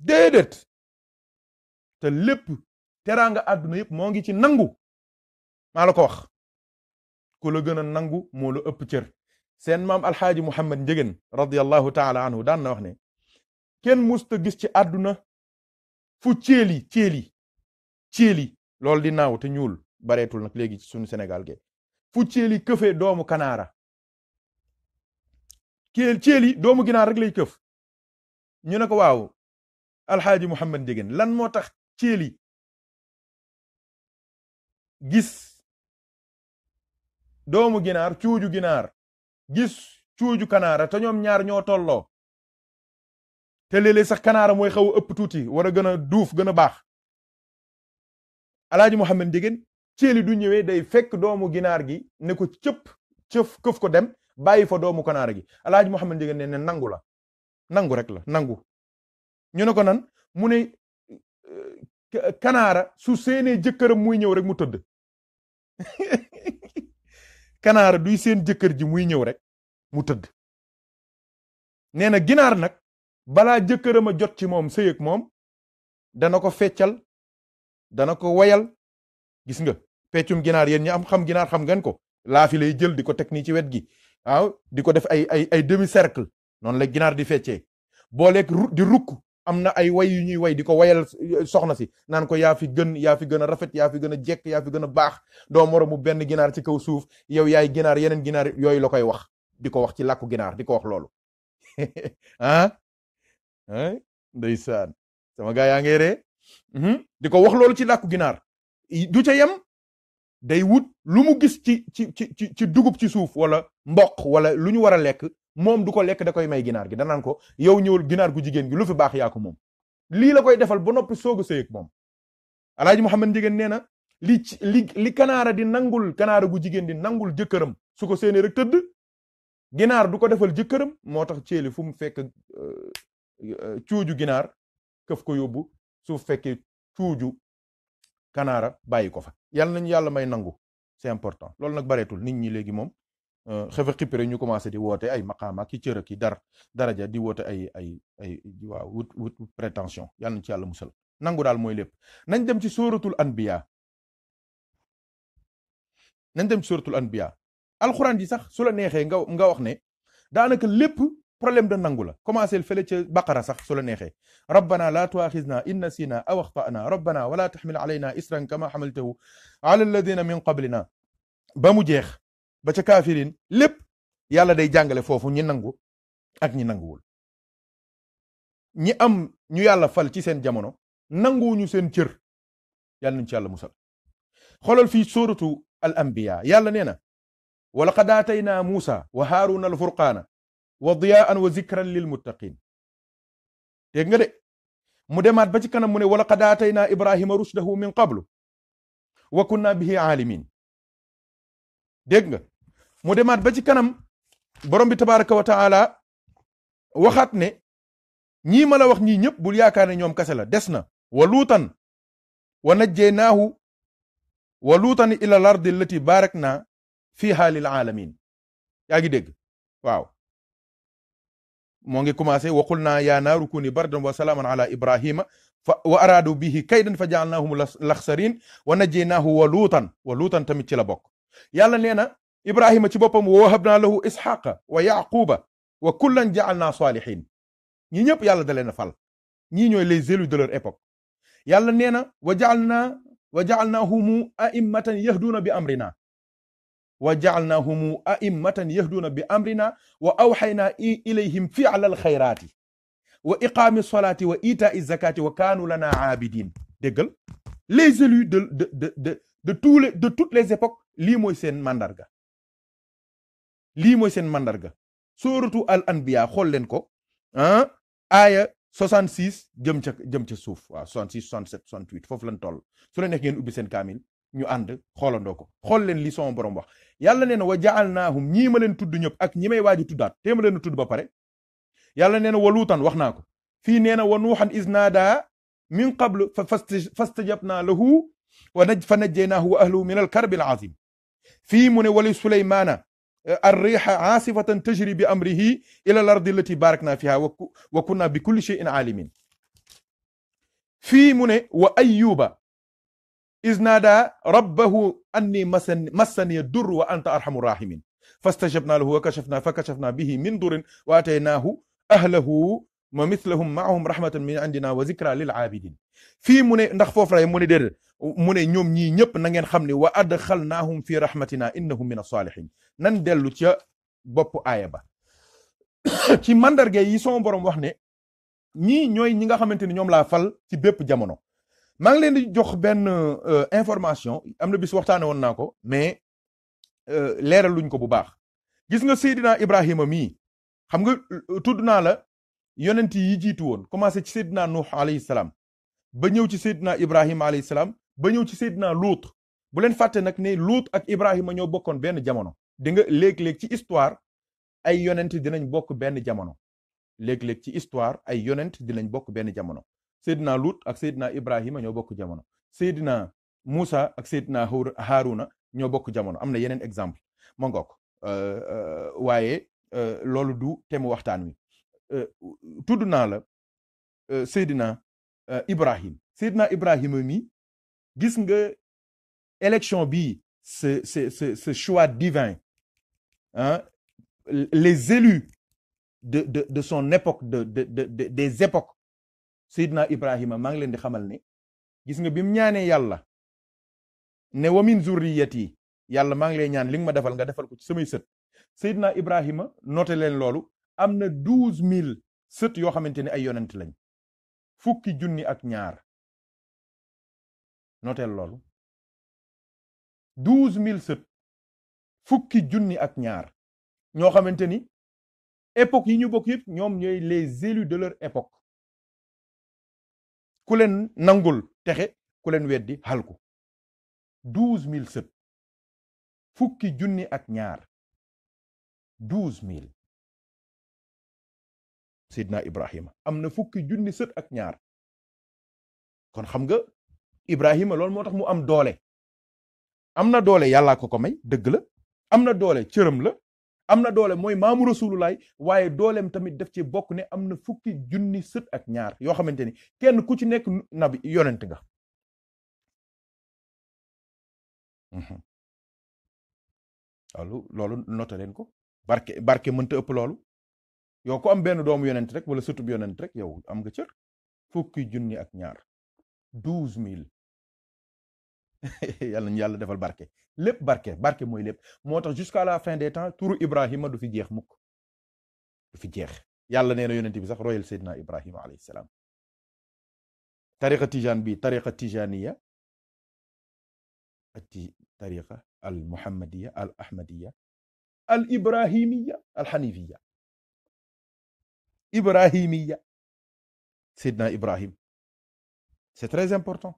déedéet te lépp teraanga àdduna yëpp moo ngi ci nangu maa la ko wax ku la gën a nangu moo ëpp cër seen maam alxaaji muhammad njegéen radiallahu taala anhu daan na wax ne kenn musta gis ci àdduna fu céeli céeli céeli loolu di naaw te ñuul bareetul nag léegi ci sunu Sénégal ge fu céeli këfee doomu kanaara céel céeli doomu ginaar rek këf ñu ne ko waaw alxaaji muhammad njegéen lan moo tax céeli gis doomu ginaar cuuju ginaar gis cuuju kanaara te ñoom ñaar ñoo tolloo te léeg sax kanaara mooy xaw a ëpp tuuti war a gën a duuf gën a baax alaaji Mouhamed Ndiéguène ceeli du ñëwee day fekk doomu ginaar gi ne ko cëpp cëf këf ko dem bàyyi fa doomu kanaara gi alaaji Mouhamed Ndiéguène ne ne nangu la nangu rek la nangu ñu ne ko nan mu ne kanaara su seenee jëkkëram muy ñëw rek mu tëdd kanaara duy seen jëkkër ji muy ñëw rek mu tëdd nee na ginaar nag balaa jëkkëram a jot ci moom sëyëg moom dana ko feccal dana ko wayal gis nga peccum ginaar yen ñi am xam ginaar xam ngeen ko laa lay jël di ko teg nii ci wet gi waaw di ko def ay ay ay demi cercle noonu la ginaar di feccee booleeg di rukk am na ay way yu ñuy way di ko wayal soxna si naan ko yaa fi gën yaa fi gën a rafet yaa fi gën a jekk yaa gën a baax doo moromu benn ginaar ci kaw suuf yow yaay ginaar yeneen ginaar yooyu la koy wax di ko wax ci làkku ginaar di ko wax loolu ah sama gaa yaa ngi ree mhm. di ko wax loolu ci làkku ginaar du ca yem day wut lu mu gis ci ci ci ci dugub ci suuf wala mboq wala lu ñu war a lekk moom du ko lekk da koy may ginaar gi danaan ko yow ñëwal ginaar gu jigéen gi lu fi baax yaa moom lii la koy defal ba noppi soog a sëyeeg moom alaaji Mouhamed Ndiéguène nee na li li kanaara di nangul kanaara gu jigéen di nangul jëkkëram su ko séenee rek tëdd ginaar du ko defal jëkkëram moo tax ceeli fu mu fekk euh, cuuju ginaar këf ko yóbbu su fekkee cuuju kanaara bàyyi ko fa yalla nañu yàlla may nangu c'est important loolu nag bareetul nit ñi léegi moom Euh, xefe xippi rek ñu commencé di woote ay maqaam ak ki cër daraja di woote ay ay ay waaw wut wut prétention yal na ci yàlla musal nangu daal mooy lépp nañ dem ci sóoratul anbiya nañ dem ci sóoratul anbiya alxuraan ji sax su la neexee nga nga wax ne daanaka lépp problème de nangu la commencé fële ca baqara sax su la neexee rabbana la tuaxizna in nasina aw axtana rabbana wala taxmil alayna isran kama xamaltahu ala alladina min qablina ba mu jeex ba ca lépp yàlla day jàngale foofu ñi nangu ak ñi nanguwul ñi am ñu yàlla fal ci seen jamono nanguwuñu seen cër yàlla nañ ci yàlla musal xoolal fii sóoratu al yàlla nee na wa laqad aataynaa muusa wa haaruna al furqaana wa diyaa'an wa zikran lil muttaqin dégg nga de mu demaat ba ci kanam mu ne wa laqad aataynaa ibrahima rushdahu min qablu wa kunna bihi aalimin mu demaat ba ci kanam borom bi tabaraka wa taala waxaat ne ñii ma wax ñii ñëpp bul yaakaar ne ñoom kase la des na wa luutan wa najjeynaahu wa luutan ila l ardi barak na fiha lil alamin yaa ngi dégg waaw moo ngi commencé waqul naa yaa naaru kuni bardan wa salaaman ala ibrahima fa wa araadu bihi kaydan fa jaalnaahum laxsarin wa najjeynaahu wa luutan wa luutan tamit ci la bokk yàlla nee na ibrahima ci boppam wa wahabnaa lahu isxaqa wa yaquba wa kullan jaalnaa saalihin ñi ñëpp yàlla da leen a fal ñii ñooy les élus de leur époque yàlla nee na wa jaalnaa wa jaalnaahumu aimmatan yahduuna bi amrina wa jaalnaahumu aimmatan yahduuna bi amrina wa awxaynaa ilayhim fiala alxayraati wa iqaami solaati wa itaai zakaati wa kaanu lana aabidin déggal les élus de de de de tous les de toutes les époques lii mooy seen mandarga lii mooy seen mandarga sóoratu al anbiya xool leen ko ah aaya 66 jëm ca jëm ca suuf waaw 66 67 68 foofu lañ toll su la neex ngeen ubbi seen kaamil ñu ànd xoolandoo ko xool leen li sama borom wax yàlla nee na wa ja'alnaahum ñii ma leen tudd ñëpp ak ñi may waaji tuddaat téema leen tudd ba pare yàlla nee na wa luutan wax naa ko fii nee na wa nuuxan isnaada min qablu fa fastajabnaa lahu wa naj fa najjaynaahu wa ahlahu min al karbil azim fii mu ne wali suleymaana الريح عاصفة تجري بأمره إلى الأرض التي باركنا فيها وكنا بكل شيء عالمين fii mu ne wa ayyuba iz naada rabbahu anni massan massaniya dur wa anta arhamu rahimin fastajabna lahu wa kashafna fa kashafna bihi min durin wa ataynaahu ahlahu wa mithlahum maahum rahmatan min indina wa zikra lil aabidin fii mu ne ndax foofu lay mu ne déedéet mu ne ñoom ñii ñëpp na ngeen xam ne wa adxalnaahum fi rahmatina innahum min as nan dellu ca bopp aaya ba ci mandarga yi son borom wax ne ñii ñooy ñi nga xamante ni ñoom laa fal ci bépp jamono maa ngi leen di jox benn euh, information am na bis waxtaane woon naa ko mais euh, leeral luñ ko bu baax gis nga Seydina Ibrahima mii xam nga euh, tudd naa la yonent yi jiitu woon commencé ci Seydina Nuux alayhi salaam ba ñëw ci Seydina Ibrahima alayhi salaam ba ñëw ci Seydina Luut bu leen fàtte nag ne Luut ak Ibrahima ñoo bokkoon benn jamono di nga léeg ci histoire ay yonent dinañ bokk benn jamono léeg-léeg ci histoire ay yonent dinañ bokk benn jamono Seydina Luut ak Seydina Ibrahima ñoo bokk jamono Seydina Moussa ak Seydina Haruna ñoo bokk jamono am na yeneen exemple ma ngoog euh, euh, waaye euh, loolu du temu waxtaan wi tudd naa la Seydina Ibrahim Seydina Ibrahima mi gis nga élection bi ce ce ce ce divin les élus de de de son époque de de de, de des époques Seydina Ibrahima maa ngi leen di xamal ni gis nga bi mu ñaanee yàlla ne wa min zurriyati yàlla maa ngi lay ñaan li nga ma defal nga defal ko ci samay sët Seydina Ibrahima noté leen loolu am na douze mille sët yoo xamante ne ay yonent lañ fukki junni ak ñaar. noteel loolu douze mille sët fukki junni ak ñaar ñoo xamante ni époque yi ñu bokk yëpp ñoom ñooy les élus de leur époque ku leen nangul texe ku leen weddi halku douze mille sët fukki junni ak ñaar douze mille sidna ibrahima am na fukki junni sët ak ñaar kon xam nga Ibrahima loolu moo tax mu am doole am na doole yàllaa ko ko may dëgg la am na doole cëram la am na doole mooy maamu rasulullaay waaye dooleem tamit def ci bokk ne am na fukki junni sët ak ñaar yoo xamante ni kenn ku ci nekk nabi yonent nga mhm. loolu loolu noté leen ko barke mënta ëpp loolu yow ku am benn doomu yonent rek wala sëtub yonent rek yow am nga cër fukki junni ak ñaar yàlla ñu yàlla defal barke lépp barke barke mooy lépp moo tax jusqu'à la fin des temps turu Ibrahima du fi jeex mukk du fi jeex yàlla nee na yonent bi sax royal Seydina Ibrahima alayhi salaam tariqa tijaan bi tariqa tijaniya ati tariqa al muhammadiya al ahmadiya al ibrahimiya al xanifiya ibrahimiya Seydina Ibrahim c'est très important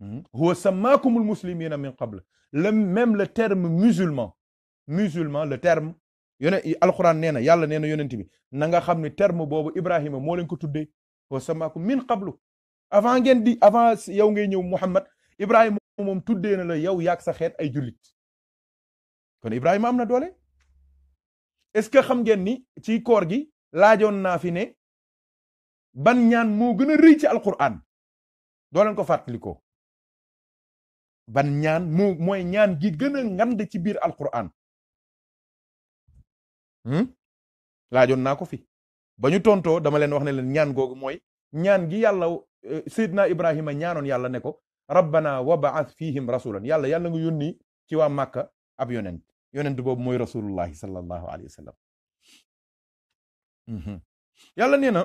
Hmm? huwa samaakumul muslimina min qabl la même le terme musulman musulman le terme yone alquran nee na yàlla nee na yonent bi na xam ne terme boobu Ibrahima moo leen ko tuddee huwa min qablu avant ngeen di avant yow ngay ñëw Muhammad Ibrahima moom tuddee na la yow yaag sa xeet ay julit kon Ibrahima am na doole est-ce que xam ngeen ni ci koor gi laajoon naa fi ne ban ñaan moo gëna a rëy ci alquran doo leen ko ban ñaan moo mooy ñaan gi gën a ci biir alquran hmm? laajoon naa ko fi ba ñu tontoo dama leen wax ne leen ñaan googu mooy ñaan gi yàlla eh, Seydina Ibrahima ñaanoon yàlla ne ko rabbana wabaath fihim rasulan yàlla yàlla nga yónni ci waa Màkka ab yonent yonent boobu mooy rasulullahi sallallahu alayhi wa sallam hmm, hmm. yàlla nee na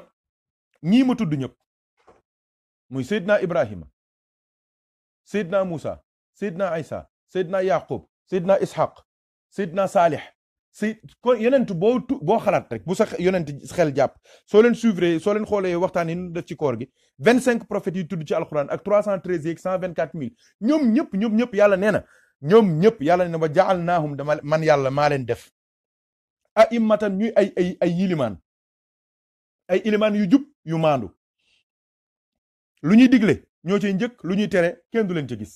ñii tudd ñëpp muy Seydina Ibrahima Seydina Moussa seydna isa seydna yaqub seydna ishaq seydna saalix si kon yonent boo tu boo xalaat rek bu sa yonent xel jàpp soo leen suivre soo leen xoolee waxtaan yi nu def ci koor gi vingt cinq prophètes yi tudd ci alxuraan ak trois cent treize yeeg cent vingt quatre ñoom ñëpp ñoom ñëpp yàlla na ñoom ñëpp yàlla nee na wa jaal naahum dama man yàlla maaleen leen def a immatan ñuy ay ay yilimaan ay ilimaan yu jub yu maandu lu ñuy digle ñoo cay njëkk lu ñuy tere kenn du leen ci gis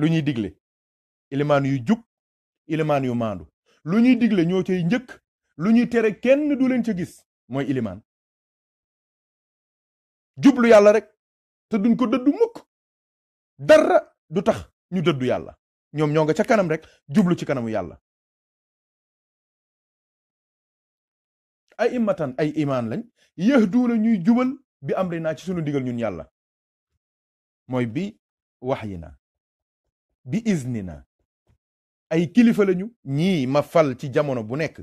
lu ñuy digle ilimaan yu jub ilimaan yu maandu lu ñuy digle ñoo cay njëkk lu ñuy tere kenn du leen ca gis mooy ilimaan jublu yàlla rek te duñ ko dëddu mukk dara du tax ñu dëddu yàlla ñoom ñoo nga ca kanam rek jublu ci kanamu yàlla ay immatan ay imaan lañ yahduuna ñuy jubal bi amri naa ci sunu ndigal ñun yàlla mooy bi wax yi naa bi izni na ay kilifa lañu ñii ma fal ci jamono bu nekk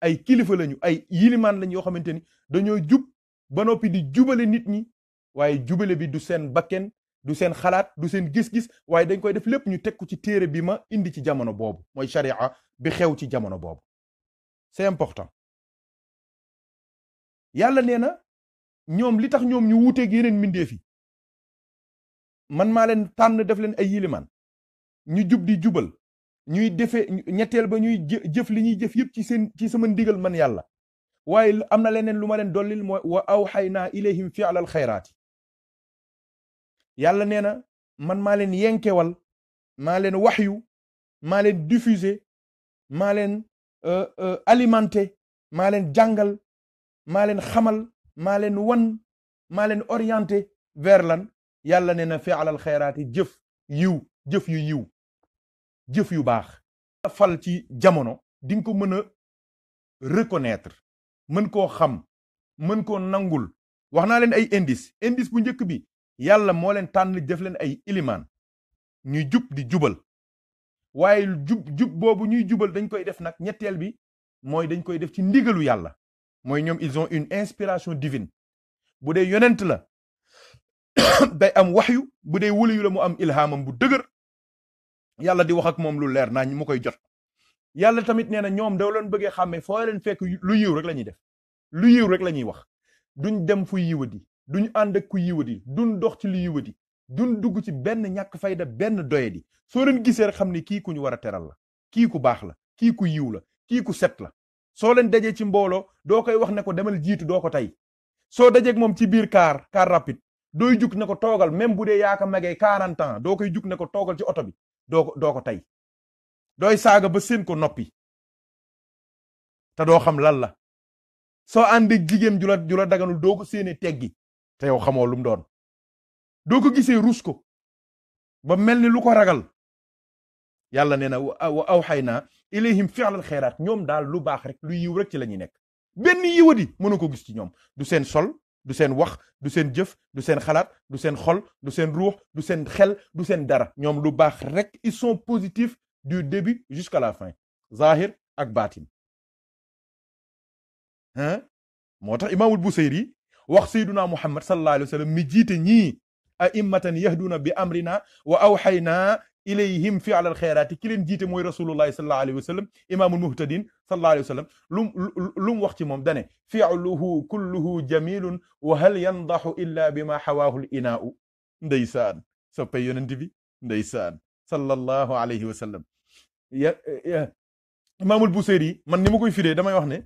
ay kilifa lañu ay yilimaan lañ yoo xamante ni dañoo jub ba noppi di jubale nit ñi waaye jubale bi du seen bakken du seen xalaat du seen gis-gis waaye dañ koy def lépp ñu teg ci téere bi ma indi ci jamono boobu mooy sharia bi xew ci jamono boobu c'est important yàlla nee ñoom li tax ñoom ñu wuuteeg yeneen mbindeef yi man maa leen tànn def leen ay yilimaan ñu jub jubal ñuy defee ñetteel ba ñuy jëf li ñuy jëf yëpp ci seen ci sama ndigal man yàlla waaye am na leneen lu ma leen dollil mooy wa awxaynaa ilayhim fi'lal xayraati yàlla nee na man maa leen yenkewal maa leen waxyu maa leen diffuse maa leen euh, euh, alimenter maa leen jàngal maa leen xamal maa leen wan maa leen orienter vers yàlla nee na fi'lal xayraati jëf yiw jëf yu yiw jëf yu baax fal ci jamono di ko mën a reconnaître mën koo xam mën koo nangul wax naa leen ay indice indice bu njëkk bi yàlla moo leen tànn def leen ay ilimaan ñuy jub di jubal waaye jub jub boobu ñuy jubal dañ koy def nag ñetteel bi mooy dañ koy def ci ndigalu yàlla mooy ñoom ils ont une inspiration divine bu dee yonent la day am waxyu bu dee waliyu la mu am ilhaamam bu dëgër yàlla di wax ak moom lu leer nañ mu koy jot yàlla tamit nee na ñoom da leen bëggee xàmmee foo leen fekk lu yiw rek la ñuy def lu yiw rek la ñuy wax duñ dem fu di duñ ànd ak ku di duñ dox ci lu yiwadi duñ dugg ci benn ñàkk fayda benn doyadi soo leen gisee rek xam ni kii ku ñu war a teral la kii ku baax la kii ku yiw la kii ku set la soo leen dajee ci mbooloo doo koy wax ne ko demal jiitu doo ko tey soo dajeeg moom ci biir car car rapide dooy jug ne ko toogal même bu dee yaaka magee 40 ans doo koy jug ne ko toogal ci oto bi doo ko doo ko tey dooy saaga ba seen ko noppi te doo xam lan la soo àndee jigéen ju la ju daganul doo ko séenee teggi te yow xamoo lum doon doo ko gisee rus ko ba mel ni lu ko ragal yàlla nee na wa awxaynaa ilayhim fi'lal xayraat ñoom daal lu baax rek lu yiw rek ci la ñuy nekk benn yiwadi mënu ko gis ci ñoom du seen sol du seen wax du seen jëf du seen xalaat du seen xol du seen ruux du seen xel du seen dara ñoom lu baax rek ils sont positifs du début jusqu'à la fin zahir ak baatin hein moo tax imaamul Busayri wax sayyiduna Muhammad sallallahu alayhi wa sallam mi jiite ñii a'immatan yahduna bi amrina wa awxaynaa ilayhim fi alal xayraati ki leen jiite mooy rasulullahi sallallahu alayhi wa sallam imaamul muhtadin sallallahu alayhi wa sallam lu mu lu mu wax ci moom dane fi'luhu kulluhu jamilun wa hal yandaxu illa bima xawaahu l inaau ndeysaan soppay yonent bi ndeysaan sallallahu alayhi wa sallam imaamul buseyri man ni ma koy firee damay wax ne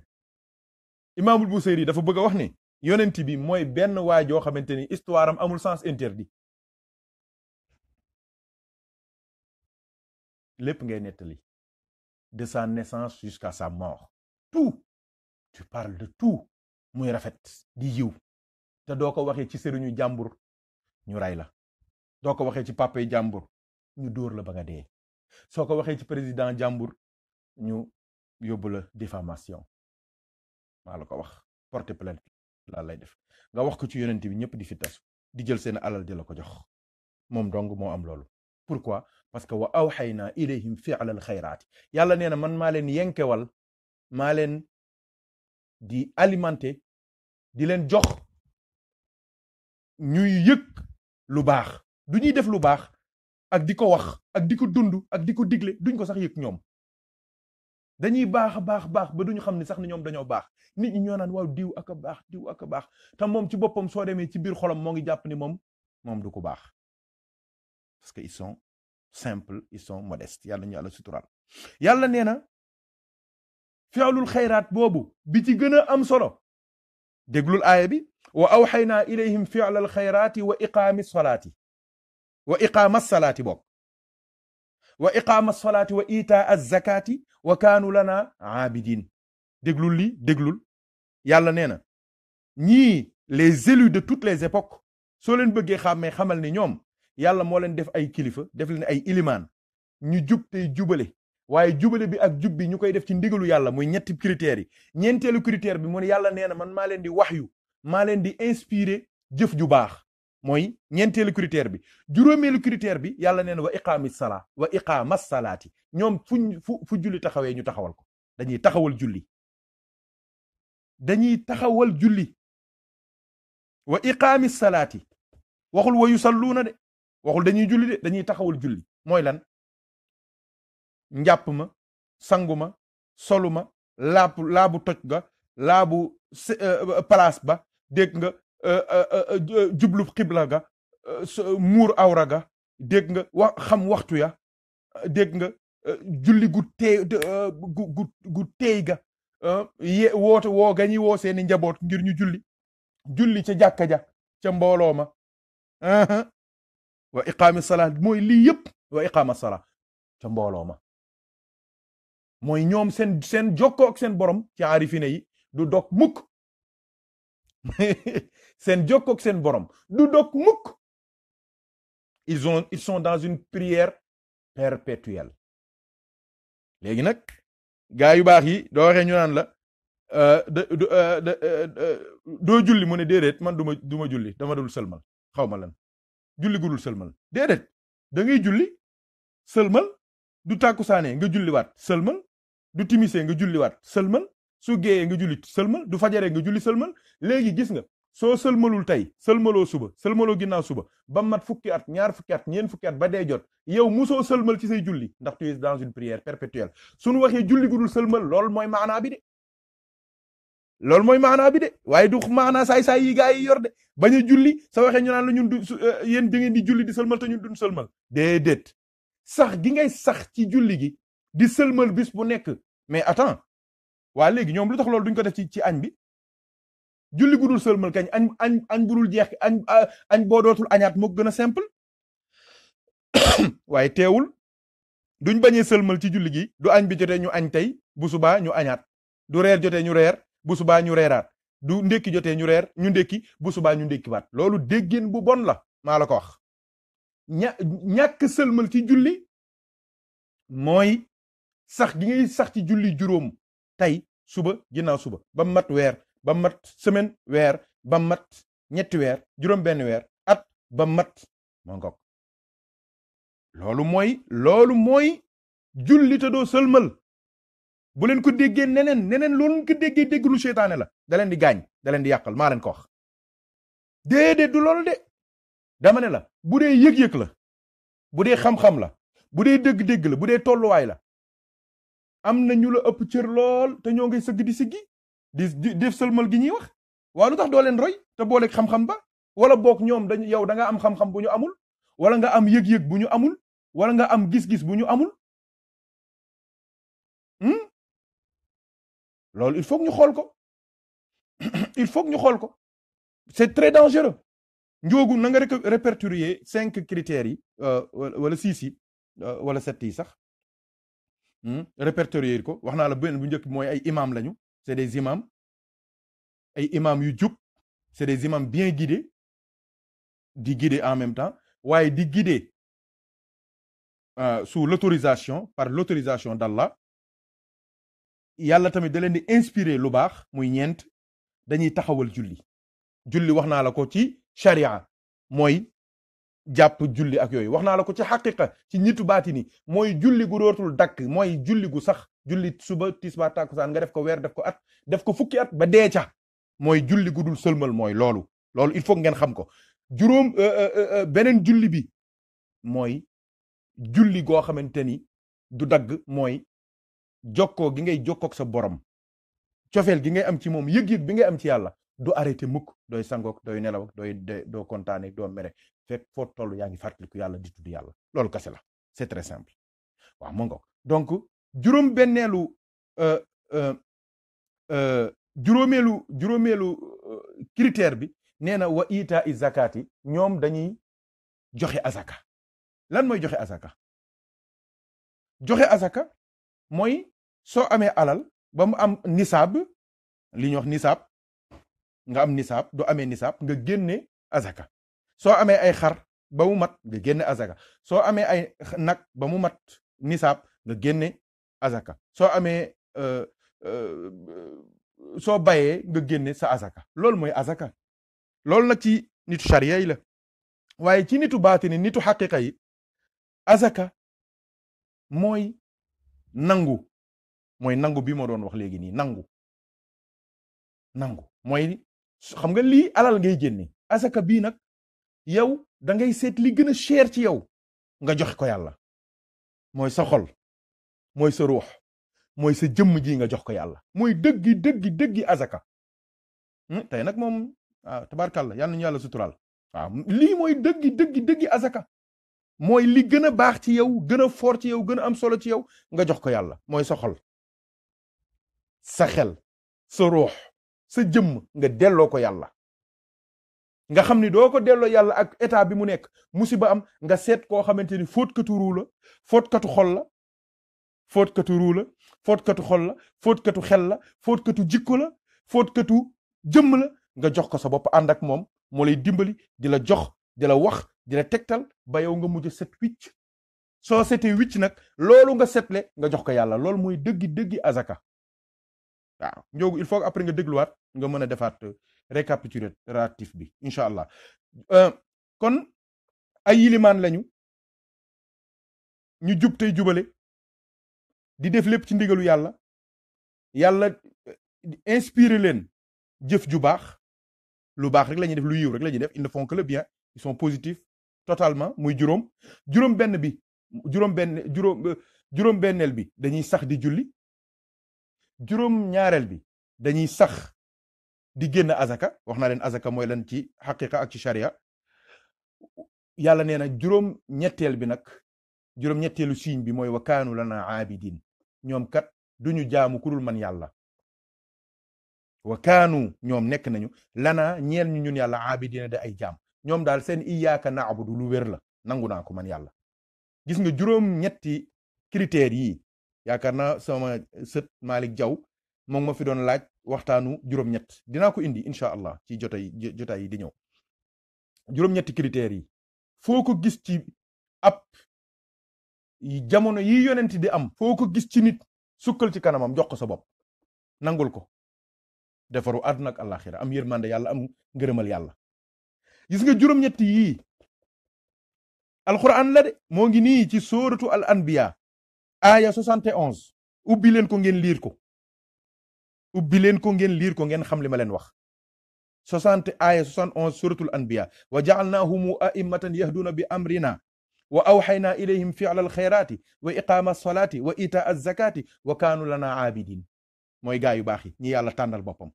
imaamul buseyri dafa bëgg a wax ne yonent bi mooy benn waay joo xamante ni histoire am amul sens interdit lépp ngay nettali de sa naissance jusqu'à sa mort tout tu parles de tout muy rafet di yiw te doo ko waxee ci sëriñu jàmbur ñu rey la doo ko waxee ci papay jàmbur ñu dóor la ba nga dee soo ko waxee ci président jàmbur ñu yóbbu la diffamation maa la ko wax porte plainte laa lay def nga wax ko ci yonent bi ñëpp di fi tasu di jël seen alal jël la ko jox moom dong moo am loolu pourquoi parce que wa awxaynaa ilayhim fi'lal xayraati yàlla nee na man maa leen yenkewal maa leen di alimenter di leen jox ñuy yëg lu baax du ñuy def lu baax ak di ko wax ak di ko dund ak di ko digle duñ ko sax yëg ñoom dañuy baax a baax baax ba duñu xam ne sax ne ñoom dañoo baax nit ñoo naan waaw diw ak baax diw ak baax te moom ci boppam soo demee ci biir xolam moo ngi jàpp ni moom moom du ko baax parce que ils simple ils sont modestes yàlla ñu yàlla suturaal yàlla nee na fi'lul xayraat boobu bi ci gën a am solo déglul aaya bi wa awxaynaa ilayhim fi'lal xayraati wa iqaami salaati wa iqaama salaati boog wa iqaama salaati wa itaa az-zakaati wa kaanu lana aabidiin déglul lii déglul yàlla nee na ñii les élus de toutes les époques soo leen bëggee xàmmee xamal ni ñoom yàlla moo leen def ay kilifa def leen ay ilimaan ñu jub jubale waaye jubale bi ak jub bi ñu koy def ci ndigalu yàlla mooy ñetti critères yi ñeenteelu critère bi mu yàlla nee na man maa leen di waxyu maa leen di inspiré jëf ju baax mooy ñeenteelu critère bi juróomeelu critère bi yàlla nee na wa iqaami salaa wa iqaama salaati ñoom fuñ fu fu julli taxawee ñu taxawal ko dañuy taxawal julli dañuy taxawal julli wa iqaami salaati waxul wa yusalluuna de waxul dañuy julli de dañuy taxawul julli mooy lan njàpp ma sangu ma solu ma laabu toj ga laabu eh, eh, palaas ba dégg nga eh, jublu xibla ga muur awra ga dégg nga xam waxtu ya dégg nga julli gu tee gu gu ga ye woo ga ñuy woo seeni njaboot ngir ñu julli julli ca jàkka ja ca mbooloo ma wa iqaami salaa mooy lii yëpp wa iqaama salaa ca mbooloo ma mooy ñoom seen seen jokkoo ak seen borom ci aarifine du dog mukk seen jokkoo ak seen borom du dog mukk ils ont ils sont dans une prière perpétuelle léegi nag gaa yu baax yi doo ñu naan la euh, euh, euh, doo julli mu ne déedéet man du ma du julli dama dul sëlmal xaw ma lan julli gudul sëlmal déedéet da ngay julli sëlmal du tàkkusaanee nga julliwaat sëlmal du timisee nga julliwaat sëlmal su géeyee nga julli sëlmal du fajaree nga julli sëlmal léegi gis nga soo sëlmalul tey sëlmaloo suba sëlmaloo ginnaaw suba ba mat fukki at ñaar fukki at ñeent fukki at ba dee jot yow musoo sëlmal ci say julli ndax tu es dans une prière perpétuelle suñu waxee julli gudul sëlmal lool mooy maanaa bi de loolu mooy maanaa bi de waaye du maanaa saay-saay yi gaa yi yor de bañ a julli sa waxee ñu naan la ñun du euh, yéen da ngeen di julli di sëlmal te ñun duñ sëlmal déedéet sax gi ngay sax ci julli gi di sëlmal bis bu nekk mais attends waa léegi ñoom lu tax lool duñ ko def ci ci añ bi julli gudul sëlmal kañ añ añ añ budul jeex añ euh, añ boo dootul añaat moo gën a simple waaye teewul duñ bañee sëlmal ci julli gi du añ bi jotee ñu añ tey bu subaa ñu añaat du reer jotee ñu reer bu subaa ñu reeraat du ndékki jotee ñu reer ñu ndékki bu subaa ñu ndékki waat loolu déggin bu bon la maa ko wax ña ñàkk sëlmal ci julli mooy sax gi ngay sax ci julli juróom tey suba ginnaaw suba ba mat weer ba mat semaine weer ba mat ñetti weer juróom benn weer at ba mat loolu mooy loolu mooy julli doo sëlmal bu leen ko déggee neneen neneen loolu ko déggee dégg lu seytaane la da leen di gaañ da leen di yàqal maa leen ko wax déedéet du loolu de dama ne la bu dee yëg-yëg la bu dee xam-xam la bu dee dégg-dégg la bu dee tolluwaay la am na ñu la ëpp cër lool te ñoo ngay sëgg di siggi di def sëlmal gi ñuy wax waa lu tax doo leen roy te boole xam-xam ba wala book ñoom dañu yow danga am xam-xam bu ñu amul wala nga am yëg-yëg bu ñu amul wala nga am gis-gis bu ñu amul. Hmm? loolu il faut ñu xool ko il faut ñu xool ko c'est très dangereux njoogu na nga répertorier cinq critères yi euh, wala six yi euh, wala sept yi sax hmm? répertorier ko wax naa la benn bu njëkk mooy ay imam lañu c'est des imams ay imam yu jub c'est des imams bien guidés di guider en même temps waaye di guider euh, sous l'autorisation par l'autorisation d'Allah yàlla tamit da leen di inspiré lu baax muy ñeent dañuy taxawal julli julli wax naa la ko ci sharia mooy jàpp julli ak yooyu wax naa la ko ci xaqiqa ci ñitu baati ni mooy julli gu dootul dakk mooy julli gu sax julli suba tisba takusaan nga def ko weer def ko at def ko fukki at ba dee ca mooy julli gu dul sëlmal mooy loolu loolu il faut ngeen xam ko juróom euh, euh, euh, beneen julli bi mooy julli goo xamante ni du dagg mooy jokkoo gi ngay jokkook sa borom cofeel gi ngay am ci moom yëg-yëg bi ngay am ci yàlla du arrêté mukk dooy sangook dooy nelaw dooy doo kontaane doo mere fekk foo toll yaa ngi fàttaliku yàlla di tudd yàlla loolu kese la c'est très simple waaw mu donc juróom benneelu euh, euh, euh, juróomeelu juróomeelu bi nee na wa ita i zakati ñoom dañuy joxe azaka lan mooy joxe azaka joxe azaka mooy soo amee alal ba mu am nisaab li ñuy wax nisaab nga am nisaab doo amee nisaab nga génne azaka soo amee ay xar ba mu mat nga génne azaka soo amee ay ba mu mat nisaab nga génne azaka soo amee euh, euh, soo bayee nga génne sa azaka loolu mooy azaka loolu nag ci nitu charia yi la waaye ci nitu baatini nitu xaqiqa yi azaka mooy nangu mooy nangu bi moo doon wax léegi nii nangu nangu mooy xam nga lii alal ngay génne asaka bii nag yow dangay seet li gën a cher ci yow nga joxe ko yàlla mooy sa xol mooy sa mooy sa jëmm ji nga jox ko yàlla mooy dëggi dëggi dëggi azaka hmm, tey nag moom ah tabarkàlla yal nañu yàlla suturaal waaw lii mooy dëggi dëggi dëggi azaka mooy li gën a baax ci yow gën a fort ci yow gën a am solo ci yow nga jox ko yàlla mooy sa xol sa xel sa ruux sa jëmm nga delloo ko yàlla nga xam ni doo ko delloo yàlla ak état bi mu nekk musiba am nga seet koo xamante ni fóotkatu ruu la fóotkatu xol la fóotkatu ruula la fóotkatu xol la fóotkatu xel la fóotkatu jikko la fóotkatu jëmm la nga jox ko sa bopp ànd ak moom moo lay dimbali di la jox di la wax di la tegtal ba nga mujj set wicc soo setee wicc nag loolu nga setle nga jox ko yàlla loolu mooy dëggi dëggi azaka waaw njoogu il faut après nga dégluwaat nga mën a defaat euh, récapitulatif bi incha allah euh, kon ay yilimaan lañu ñu jub tey jubale di def lépp ci ndigalu yàlla yàlla euh, inspiré leen jëf ju baax lu baax rek la ñuy def lu yiw rek la ñuy def ils ne font que le bien ils sont positifs totalement muy juróom juróom benn bi juróom benn juróom benneel bi dañuy sax di julli juróom ñaareel bi dañuy sax di génn azaka wax na leen azaka mooy lan ci xaqiqa ak ci sharia yàlla nee na juróom ñetteel bi nag juróom ñetteelu siiñ bi mooy wa kaanu lana aabidin ñoom kat duñu jaamu ku dul man yàlla wa kaanu ñoom nekk nañu lana ñeel ñu ñun yàlla aabidina da ay jaam ñoom daal seen iyaaka naabudu lu wér la nangu naa man yàlla gis juróom ñetti critères yii yaakaar naa sama sët Malick Diaw moom ma fi doon laaj waxtaanu juróom-ñett dinaa ko indi incha allah ci jotay jotaay yi di ñëw juróom-ñetti critères yi foo ko gis ci ab jamono yi yonent di am foo ko gis ci nit sukkal ci kanamam jox ko sa bopp nangul ko defaru àdduna ak àllaaxira am yërmande yàlla am ngërëmal yàlla gis nga juróom-ñetti yii alquran la de moo ngi ni ci sóoratu al anbiya aaya 71 ubbi leen ko ngeen liir ko ubbi leen ko ngeen liir ko ngeen xam li ma leen wax 60 aaya 71 suratul anbiya wa jaalnaahum a'immatan yahduuna bi amrina wa awxaynaa ilayhim fi'la alxayraati wa iqaama alsalaati wa itaa alzakaati wa kaanu lana aabidin mooy gaa yu baax yi ñi yàlla tànnal boppam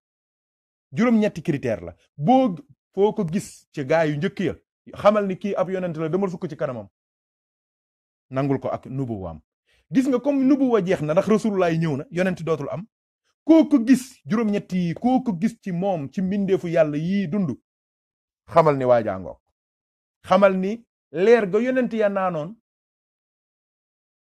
juróom-ñetti critère la boo foo ko gis ci gaa yu njëkk ya xamal ni kii ab yonent la ci kanamam nangul ko ak nubuwaam gis nga comme nubuwa jeex na ndax rasulullah ñëw na yonent dootul am koo ko gis juróom-ñett yi koo ko gis ci moom ci mbindeefu yàlla yi dund xamal ni waa jàngoo xamal ni leer ga yonent ya naanoon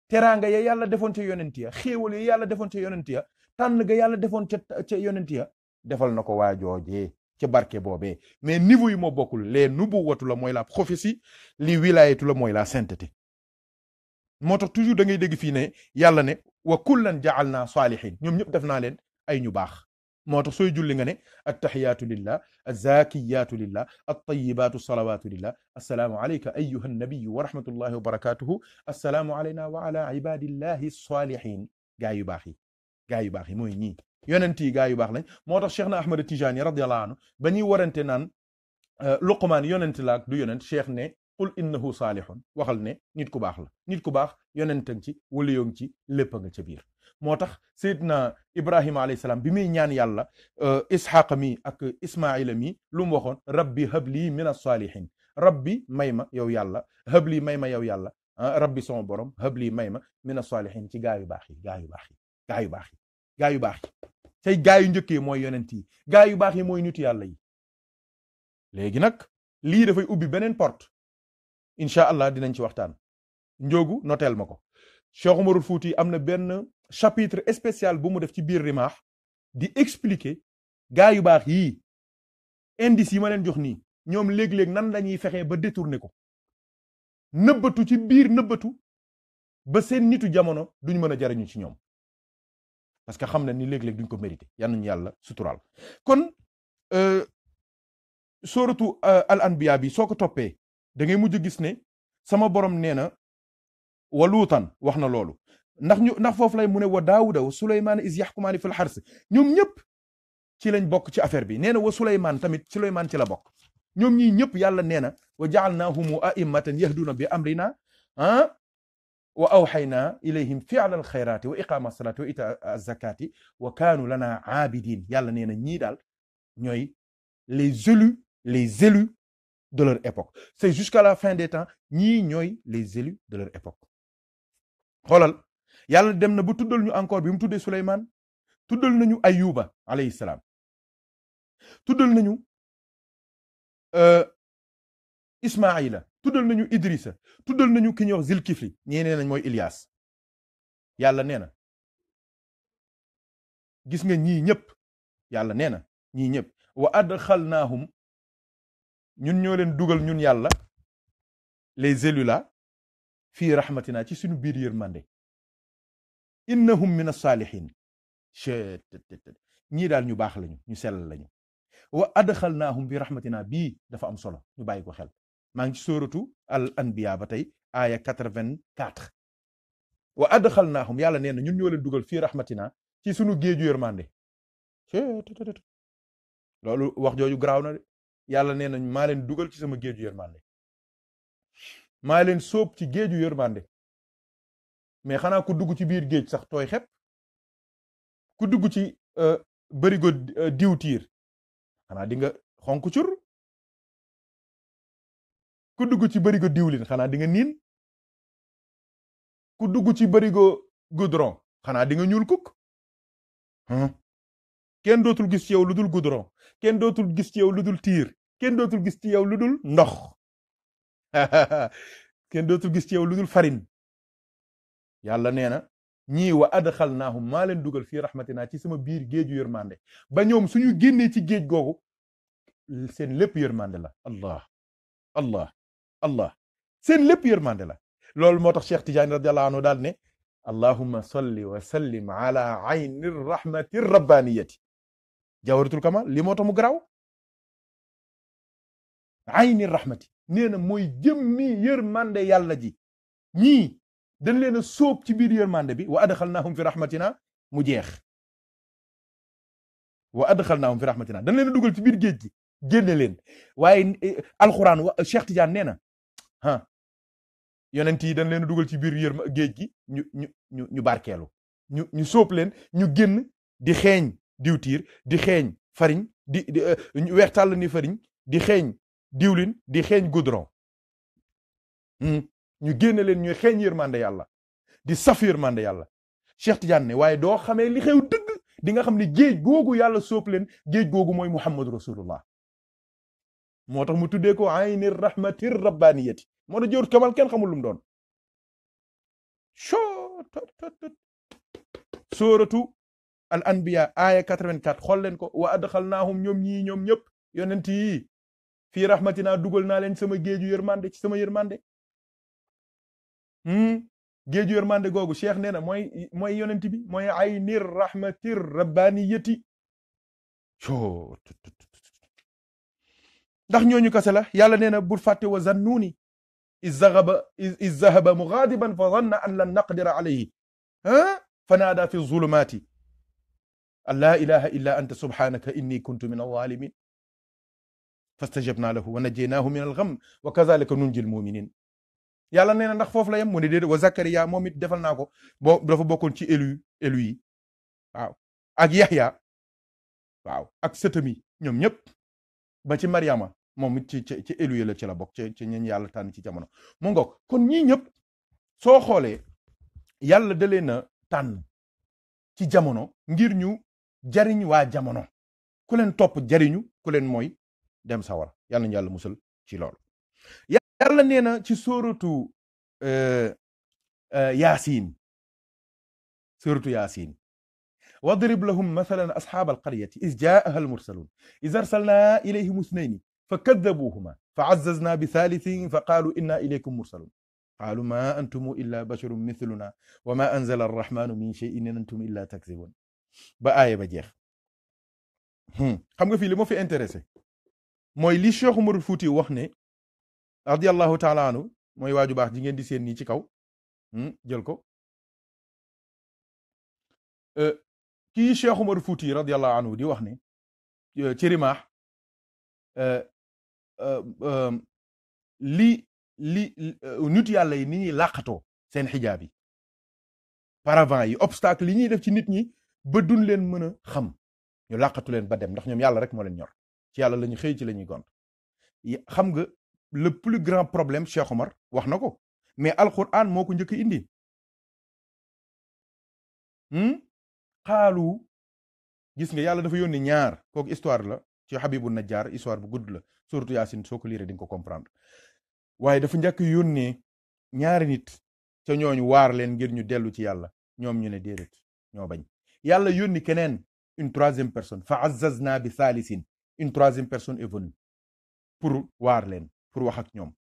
teraanga ya yàlla defoon ca yonent ya xéewal ya yàlla defoon ca yonent ya tànn ga yàlla defoon ca ca yonent ya defal na ko waa joojee ci barke boobee mais niveau yi moo bokkul les nubuwatu la mooy la prophétie li wilaayatu la mooy la sainteté moo tax toujours da ngay dégg fii ne yàlla ne wa kullan jaal naa saalihin ñoom ñëpp def naa leen ay ñu baax moo tax sooy julli nga ne attaxiyaatu lillah azaakiyaatu lillah attayibaatu salawaatu lillah assalaamu alayka ayuha nabiyu wa rahmatullahi wa barakatuhu assalaamu alayna wa ala ibadillahi saalihin gaa yu baax yi gaa yu baax yi mooy ñii yonent yi yu baax lañ moo tax Cheikh na Ahmad Tijaani radiyallahu anhu ba ñuy warante naan euh, Luqmaan yonent la du yonent Cheikh ne qul innahu saalihun waxal ne nit ku baax la nit ku baax yonentan ci waliyong ci lépp a nga ca biir moo tax Seydina Ibrahima alayhi salaam bi muy ñaan yàlla euh, Isxaaqa mi ak Ismaila mi lu mu waxoon rabbi habli min as-saalihin rabbi may ma yow yàlla habli may ma yow yàlla ah, rabbi sama borom habli may ma min as-saalihin ci gaa yu baax yi gaa yu baax yi gaa yu baax yi yu baax yi tey yu njëkkee mooy yonent yi gaa yu baax yi mooy nitu yàlla yi léegi nag lii dafay ubbi beneen porte incha allah dinañ ci waxtaan njoogu noteel ma ko Cheikh Umarul Fouti am na benn chapitre spécial bu mu def ci biir Rimaax di expliquer gaa yu baax yi indice yi ma leen jox nii ñoom léeg-léeg nan lañuy fexee ba détourner ko nëbbatu ci biir nëbbatu ba seen nitu jamono duñ mën a jariñu ci ñoom parce que xam na ni léeg-léeg duñ ko mérité yal nañu yàlla sutural kon euh, sóoratu euh, al anbiya bi soo ko toppee da ngay mujj gis ne sama borom nee na wa luutan wax na loolu ndax ñu ndax foofu lay mu ne wa daawuda wa suleymaana is yaxkumaani fil xars ñoom ñëpp ci lañ bokk ci affaire bi nee na wa suleymaan tamit suleymaan ci la bokk ñoom ñii ñëpp yàlla nee na wa jaalnaahumu a'immatan yahduuna bi amrina ah wa awxaynaa ilayhim fiala alxayraati wa iqaama asalaati wa ita azakaati wa kaanu lana aabidin yàlla nee na ñii daal ñooy les élus les élus de leur époque c'est jusqu'à la fin des temps ñii ñooy les élus de leur époque xoolal yàlla dem na ba tuddal ñu encore bi mu tuddee Souleymane tuddal nañu Ayuba alayhi salaam tuddal nañu euh, Ismaïla tuddal nañu Idrissa tuddal nañu ki ñuy wax Zilkifli ñii nee nañ mooy Ilias yàlla nee na gis nga ñii ñëpp yàlla nee na ñii ñëpp wa adxalnaahum ñun ñoo leen dugal ñun yàlla les élus là fii rahmatina ci suñu biir yërmande innahum min as-saalihin ñii daal ñu baax lañu ñu sell lañu wa adxalnaahum bi rahmatina bii dafa am solo ñu bàyyi ko xel maa ngi ci sóoratu al anbiya ba tey aaya 84 wa adxalnaahum yàlla nee na ñun ñoo leen dugal fii rahmatina ci suñu géeju yërmande loolu wax jooju garaaw yàlla nee nañ maa leen dugal ci sama géeju yërmande maa leen sóob ci géeju yërmande mais xanaa ku dugg ci biir géej sax tooy xepp ku dugg ci euh, bërigo euh, tiir xanaa di nga xonk cur ku diwlin xanaa di nga niin ku dugg ci bërigo gudron xanaa di ñuul kukk kenn dootul gis ci yow lu dul goudron kenn dootul gis ci yow lu dul tiir kenn dootul gis ci yow lu dul ndox kenn dootul gis ci yow lu dul farine yàlla nee na ñii wa adxalnaahum maa leen dugal fii rahmatinaa ci sama biir géeju yërmande ba ñoom suñu génnee ci géej googu seen lépp yërmande la allah allah allah seen lépp yërmande la loolu moo tax Cheikh Tidiane radiallahu anhu daal ne allahuma salli wa sallim ala ayni rahmati rabbaniyati jawharatul moo tax mu garaaw ayni rahmati nee na mooy jëmmi yërmande yàlla ji ñii dañ leen a ci biir yërmande bi wa adxalnaahum fi rahmatina mu jeex wa adxalnaahum fi rahmatina dañ leen dugal ci biir géej gi génne leen waaye e, alxuraan wa Cheikh Tidiane nee na ah yonent yi dañ leen dugal ci biir yërma géej gi ñu ñu ñu ñu barkeelu leen ñu génn di xeeñ diwtiir di xeeñ fariñ di di e, weex tàll ni fariñ di xeeñ diwlin di xeeñ goudron hmm. ñu génne leen ñuy xeeñ yërmande yàlla di saf yërmande yàlla Cheikh Tidiane ne waaye doo xamee li xew dëgg di nga xam ni géej googu yàlla sóob leen géej googu mooy Muhammad rasulullah moo tax mu tuddee ko ayni rahmati rabbaniyati moo tax jawut kamal kenn xamul lu mu doon sóoratu al anbiya aaya 84 xool leen ko wa adxalnaahum ñoom ñii ñoom ñëpp yonent yi fii rahmatina dugal naa leen sama géeju yërmande ci sama yërmande hmm? géeju yërmande googu cheikh nee na mooy mooy yonent bi mooy aynir rahmatir rabbaniyati ndax ñooñu kase la yàlla nee na bul fàtte wa zannuuni izahaba izahaba mugaadiban fa zanna an lan naqdira alayhi fa naada fi zulumaati an laa ilaha illa anta subhanaka inni kuntu min alzalimin fastajabna lahu wa najjaynahu min al-gham wa kazalika nunjil muminin yàlla nee na ndax foofu la yem mu ne déedéet wa Zakaria moom it defal naa ko boo dafa bokkoon ci élu élu yi ak Yaxya waaw ak sëtam yi ñoom ñëpp ba ci Mariama moom ci ci yi la ci la bokk ci ci ñi yàlla tànn ci jamono mu ngoog kon ñii ñëpp soo xoolee yàlla da leen tànn ci jamono ngir ñu jariñ waa jamono ku leen topp jariñu ku leen mooy dem sawara yàlla nañu yàlla musal ci loolu yàlla nee na ci sóoratu euh, euh, yaasiin sóoratu yaasiin wadrib lahum mathalan asxaab alqaryati is jaaha almursaluun is arsalnaa ilayhim usnayni fa kadabuuhuma fa azzaznaa bi thaalithin fa qaalu inna ilaykum mursaluun qaalu maa antum illa basharun mithlunaa wa maa anzala arrahmaanu min shay'in in antum illa takzibuun ba aaya ba jeex hmm. xam nga fii li ma fi intéressé mooy li Cheikh Umar Fuuti wax ne radiyallahu taala anhu mooy waaju baax ji ngeen di seen nii ci kaw hmm, jël ko euh, kii Cheikh Umar Fuuti radiyallahu anhu di wax ne euh, ci rimaax euh, li li nit yàlla yi ni ñuy làqatoo seen xijaab yi paravent yi obstacle yi ñuy def ci nit ñi ba duñ leen mën a xam ñu làqatu leen ba dem ndax ñoom yàlla rek moo leen ñor ci yàlla lañu ñu ci la ñuy xam nga le plus grand problème Cheikh Omar wax na ko mais alquran moo ko njëkk indi xaalu hmm? gis nga yàlla dafa yónni ñaar kook histoire la ci Habibu Najjar histoire bu gudd la surtout Yaasin soo ko liiree di ko comprendre waaye dafa njëkk yónnee ñaari nit ca ñooñu waar leen ngir ñu dellu ci yàlla ñoom ñu ne déedéet ñoo bañ yàlla yónni keneen une troisième personne fa azzazna bi thalithin une troisième personne est pour waar leen pour wax ak ñoom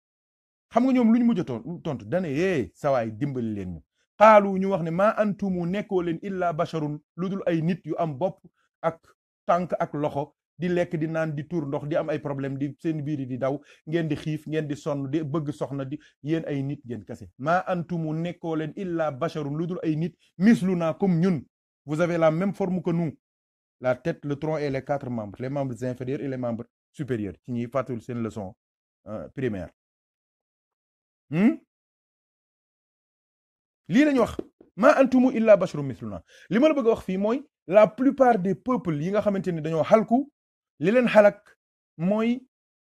xam nga ñoom lu ñu mujj a tontu dane yee eh, sawaay dimbali leen ñu xaalu ñu wax ne ma maa antumu nekkoo leen illa basharun lu dul ay nit yu am bopp ak tànk ak loxo di lekk di naan di tuur ndox di am ay problème di seen biir di daw ngeen di xiif ngeen di sonn di bëgg soxna di yéen ay nit ngeen kese maa antumu nekkoo leen illa basharun lu dul ay nit mislu naa comme ñun vous avez la même forme que la tête le tronc et les quatre membres les membres inférieurs et les membres supérieurs ci ñuy fàttali seen leçon euh, primaire hmm? lii lañu wax ma antumu illa basharum misluna li ma la bëgg a wax fii mooy la plupart des peuples yi nga xamante ni dañoo xalku li leen xalak mooy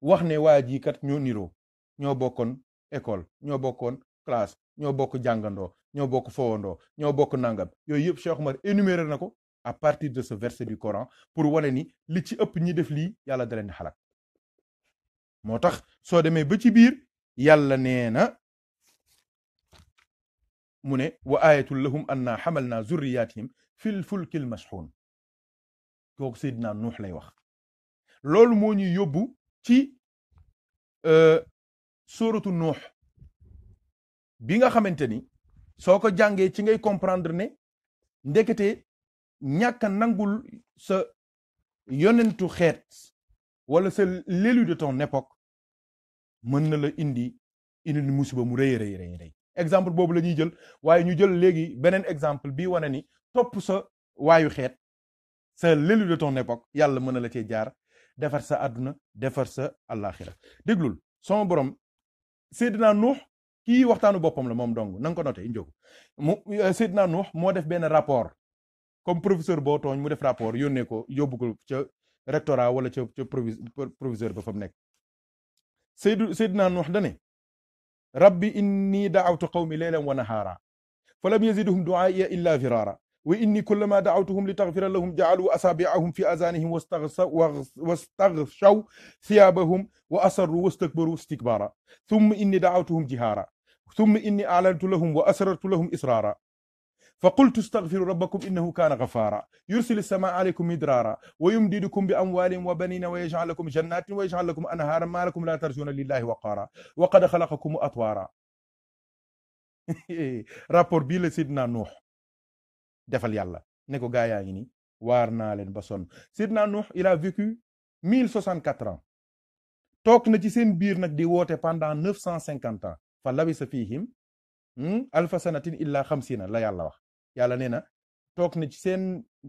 wax ne waa jii kat ñoo niroo ñoo bokkoon école ñoo bokkoon classe ñoo bokk jàngandoo ñoo bokk fowandoo ñoo bokk nangam yooyu yëpp Cheikh Omar énuméré na ko à partir de ce verset du Coran pour wane ni li ci ëpp ñi def lii yàlla da leen moo tax soo demee ba ci biir yàlla nee na mu ne wa ayatu lahum anna xamal naa zurriyatihim fil fulkil masxuun kooku Seydina Nuux lay wax loolu moo ñuy yóbbu ci euh, sóoratu Nuux bi nga xamante ni soo ko jàngee ci ngay comprendre ne ndekete ñàkk nangul sa yonentu xeet wala sa l'élu de ton époque mën na la indi indi musiba mu rëy rëy rëy exemple boobu la ñuy jël waaye ñu jël léegi beneen exemple bi wane ni topp sa waayu xeet sa l'élu de ton époque yàlla mën na la cee jaar defar sa àdduna defar sa àllaaxira déglul sama borom Seydina Nuux kii waxtaanu boppam la moom dong na nga ko noté njóg mu euh, Seydina Nuux moo def benn rapport comme professeur boo tooñ mu def rapport yónnee ko yóbbu ko ca rectorat wala ca ca proviseur ba fa mu nekk Seydou Seydina Nuux dane rabbi inni daawtu qawmi leylan wa nahaara fa lam yaziduhum duaaiya illa firaara wa inni kullama daawtuhum li taxfira lahum jaaluu asaabiahum fi azaanihim wastaxshaw thiyaabahum wa asarru wastakbaru istikbaara thumma inni daawtuhum jihaara thumma inni aalantu lahum wa asrartu lahum israara fa qultu astaghfiru rabbakum innahu kaana ghafaara yursil samaa aleykum midraara wa yumdidukum bi amwaalin wa baniina wa yaj'al lakum jannatin wa yaj'al lakum anhaaran maa lakum laa tarjuuna lillahi waqaara wa qad xalaqakum atwaara rapport bii la Sidna Nuux defal yàlla ne ko gaa yaa ngi ni waar naa leen ba sonn Sidna Nuux il a vécu mille soixante quatre ans toog na ci seen biir nag di woote pendant neuf cent cinquante ans fa labisa fiihim hmm, alfa sanatin illa xamsina la yàlla wax yàlla nee na toog na ci seen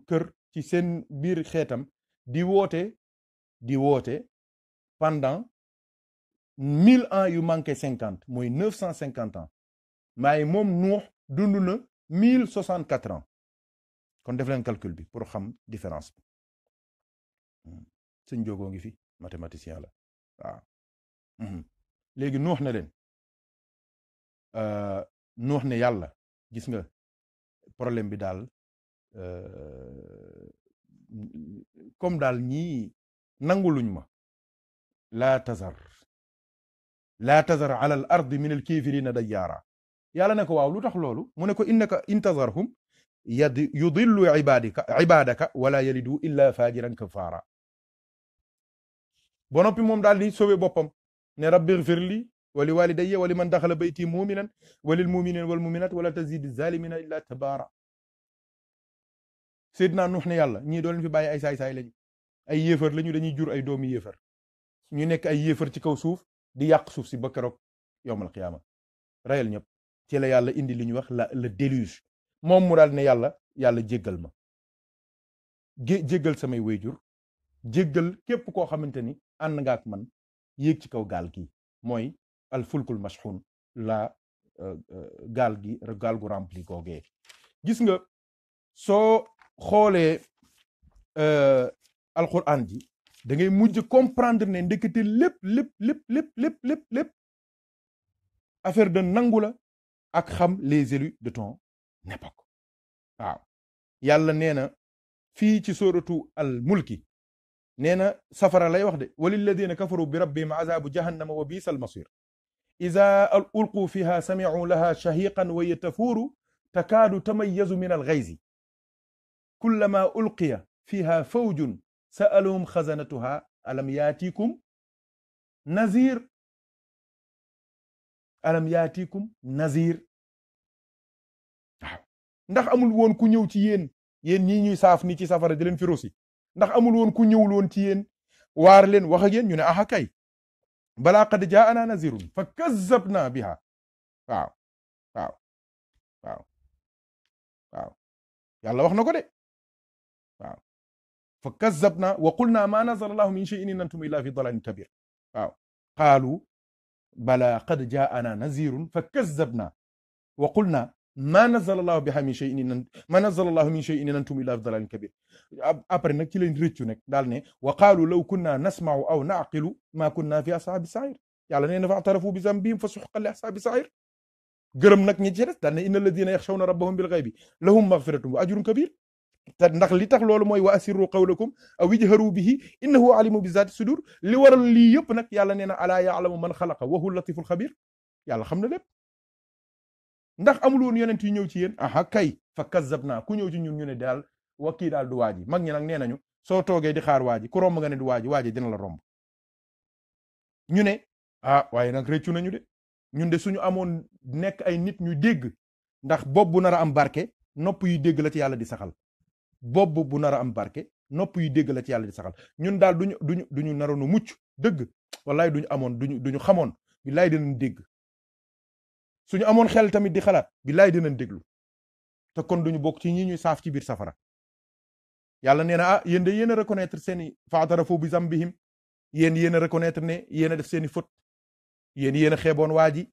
kër ci seen biir xeetam di woote di woote pendant mille ans yu manqué cinquante mooy neuf cent cinquante ans maaye moom nuux dund na mille soixante quatre ans kon def leen calcul bi pour xam différence bi hmm. sëñ jógoo ngi fi mathématicien la waaw hmm. léegi nuux na leen euh, nuux ne yàlla gis nga problème bi daal euh, comme daal ñii nanguluñ ma la tazar laa tazar ala al ardi min al kafirina dayyaara yàlla ne ko waaw lu tax loolu mu ne ko innaka intazarhum yad yudillu ibadika ibadaka wala yalidu illa fajiran kafaara ba noppi moom daal di sauvé boppam ne rabbi gfir li wa li walidayya wa li man daxala bayti muminan wa lil muminina wal muminat wala tazid zalimina illa tabaara Seydina Nuux ne yàlla ñi doon leen fi bàyyi ay saay-saay lañu ay yéefar lañu dañuy jur ay doomi yéefar ñu nekk ay yéefar ci kaw suuf di yàq suuf si ba keroog yowmal qiyaama rayal ñëpp ci la yàlla indi li ñuy wax la le déluge moom mu daal ne yàlla yàlla jéggal ma gé jéggal samay wayjur jéggal képp koo xamante ni ànd nga ak man yéeg ci kaw gaal gi mooy al fulkul mashxun la euh, euh, gaal rempli googee gis nga soo xoolee euh, alquran ji da mujj comprendre ne ndekete lépp lépp lépp lépp lépp lépp lépp ak xam les élus de ton époque waaw yàlla na fii ci sóoratu al mulki nee na safara lay wax de walilladina kafaru bi rabbihim azabu jahannama wa biisal masir iza ulqu fiha sami'u laha shahiqan wa hiya tafuuru takaadu tamayyazu min al-ghayzi kullama ulqiya fiha fawjun sa'aluhum khazanatuha alam yaatikum nazir alam yaatikum nazir waaw ndax amul woon ku ñëw ci yéen yéen ñii ñuy saaf ni ci safara di leen fi rosi ndax amul woon ku ñëwul woon ci yéen waar leen wax ak yéen ñu ne aha kay balaa qad jaana nazirun fa kazzabna biha waaw waaw waaw waaw yàlla wax na ko de waaw fa kazzabna wa qulna ma nazala allahu min shay'in in antum illa fi dalalin kabir waaw qaalu bala qad jaana nazirun fa kazzabna wa qulna ma nazala allahu biha min shay'in in ma nazala allahu min shay'in in antum illa fi dalalin kabir après nag ci lañ rëccu nag daal ne wa qaalu law kunna nasma'u aw na'qilu ma kunna fi ashaabi sa'ir yàlla nee na fa atarafu bi zambihim fa suxqan li ashaabi sa'ir gërëm nag ñi ci des daal ne inna alladina yaxshawna rabbahum bil ghaybi lahum maghfiratun wa ajrun kabir te ndax li tax loolu mooy wa asirru qawlakum aw ijharu bihi innahu alimu bi zaati sudur li waral lii yëpp nag yàlla nee na alaa yaalamu man xalaqa wa huwa latiful xabir yàlla xam na lépp ndax amul woon yonent yu ñëw ci yéen aha kay fa kazzab na ku ñëw ci ñun ñu ne daal wa kii daal du waa ji mag ñi nag nee nañu soo toogee di xaar waa ji ku romb nga ne du waa ji dina la romb ñu ne ah waaye nag réccu nañu de ñun de suñu amoon nekk ay nit ñu dégg ndax bopp bu nar a am barke nopp yu dégg la ci yàlla di saxal bopp bu nar am barke nopp yu dégg la ci yàlla di saxal ñun daal duñu duñu duñu naroon a mucc dëgg wallaay duñu amoon duñu duñu xamoon billaay dinañ dégg suñu amoon xel tamit di xalaat billaay dinañ déglu te kon duñu bokk ci ñi ñuy saaf ci biir safara yàlla nee na ah yéen de yen a reconnaître seeni faatarafu bi zambihim yéen yéen a reconnaître ne yéen a def seeni faute yéen yéen a xeeboon waa ji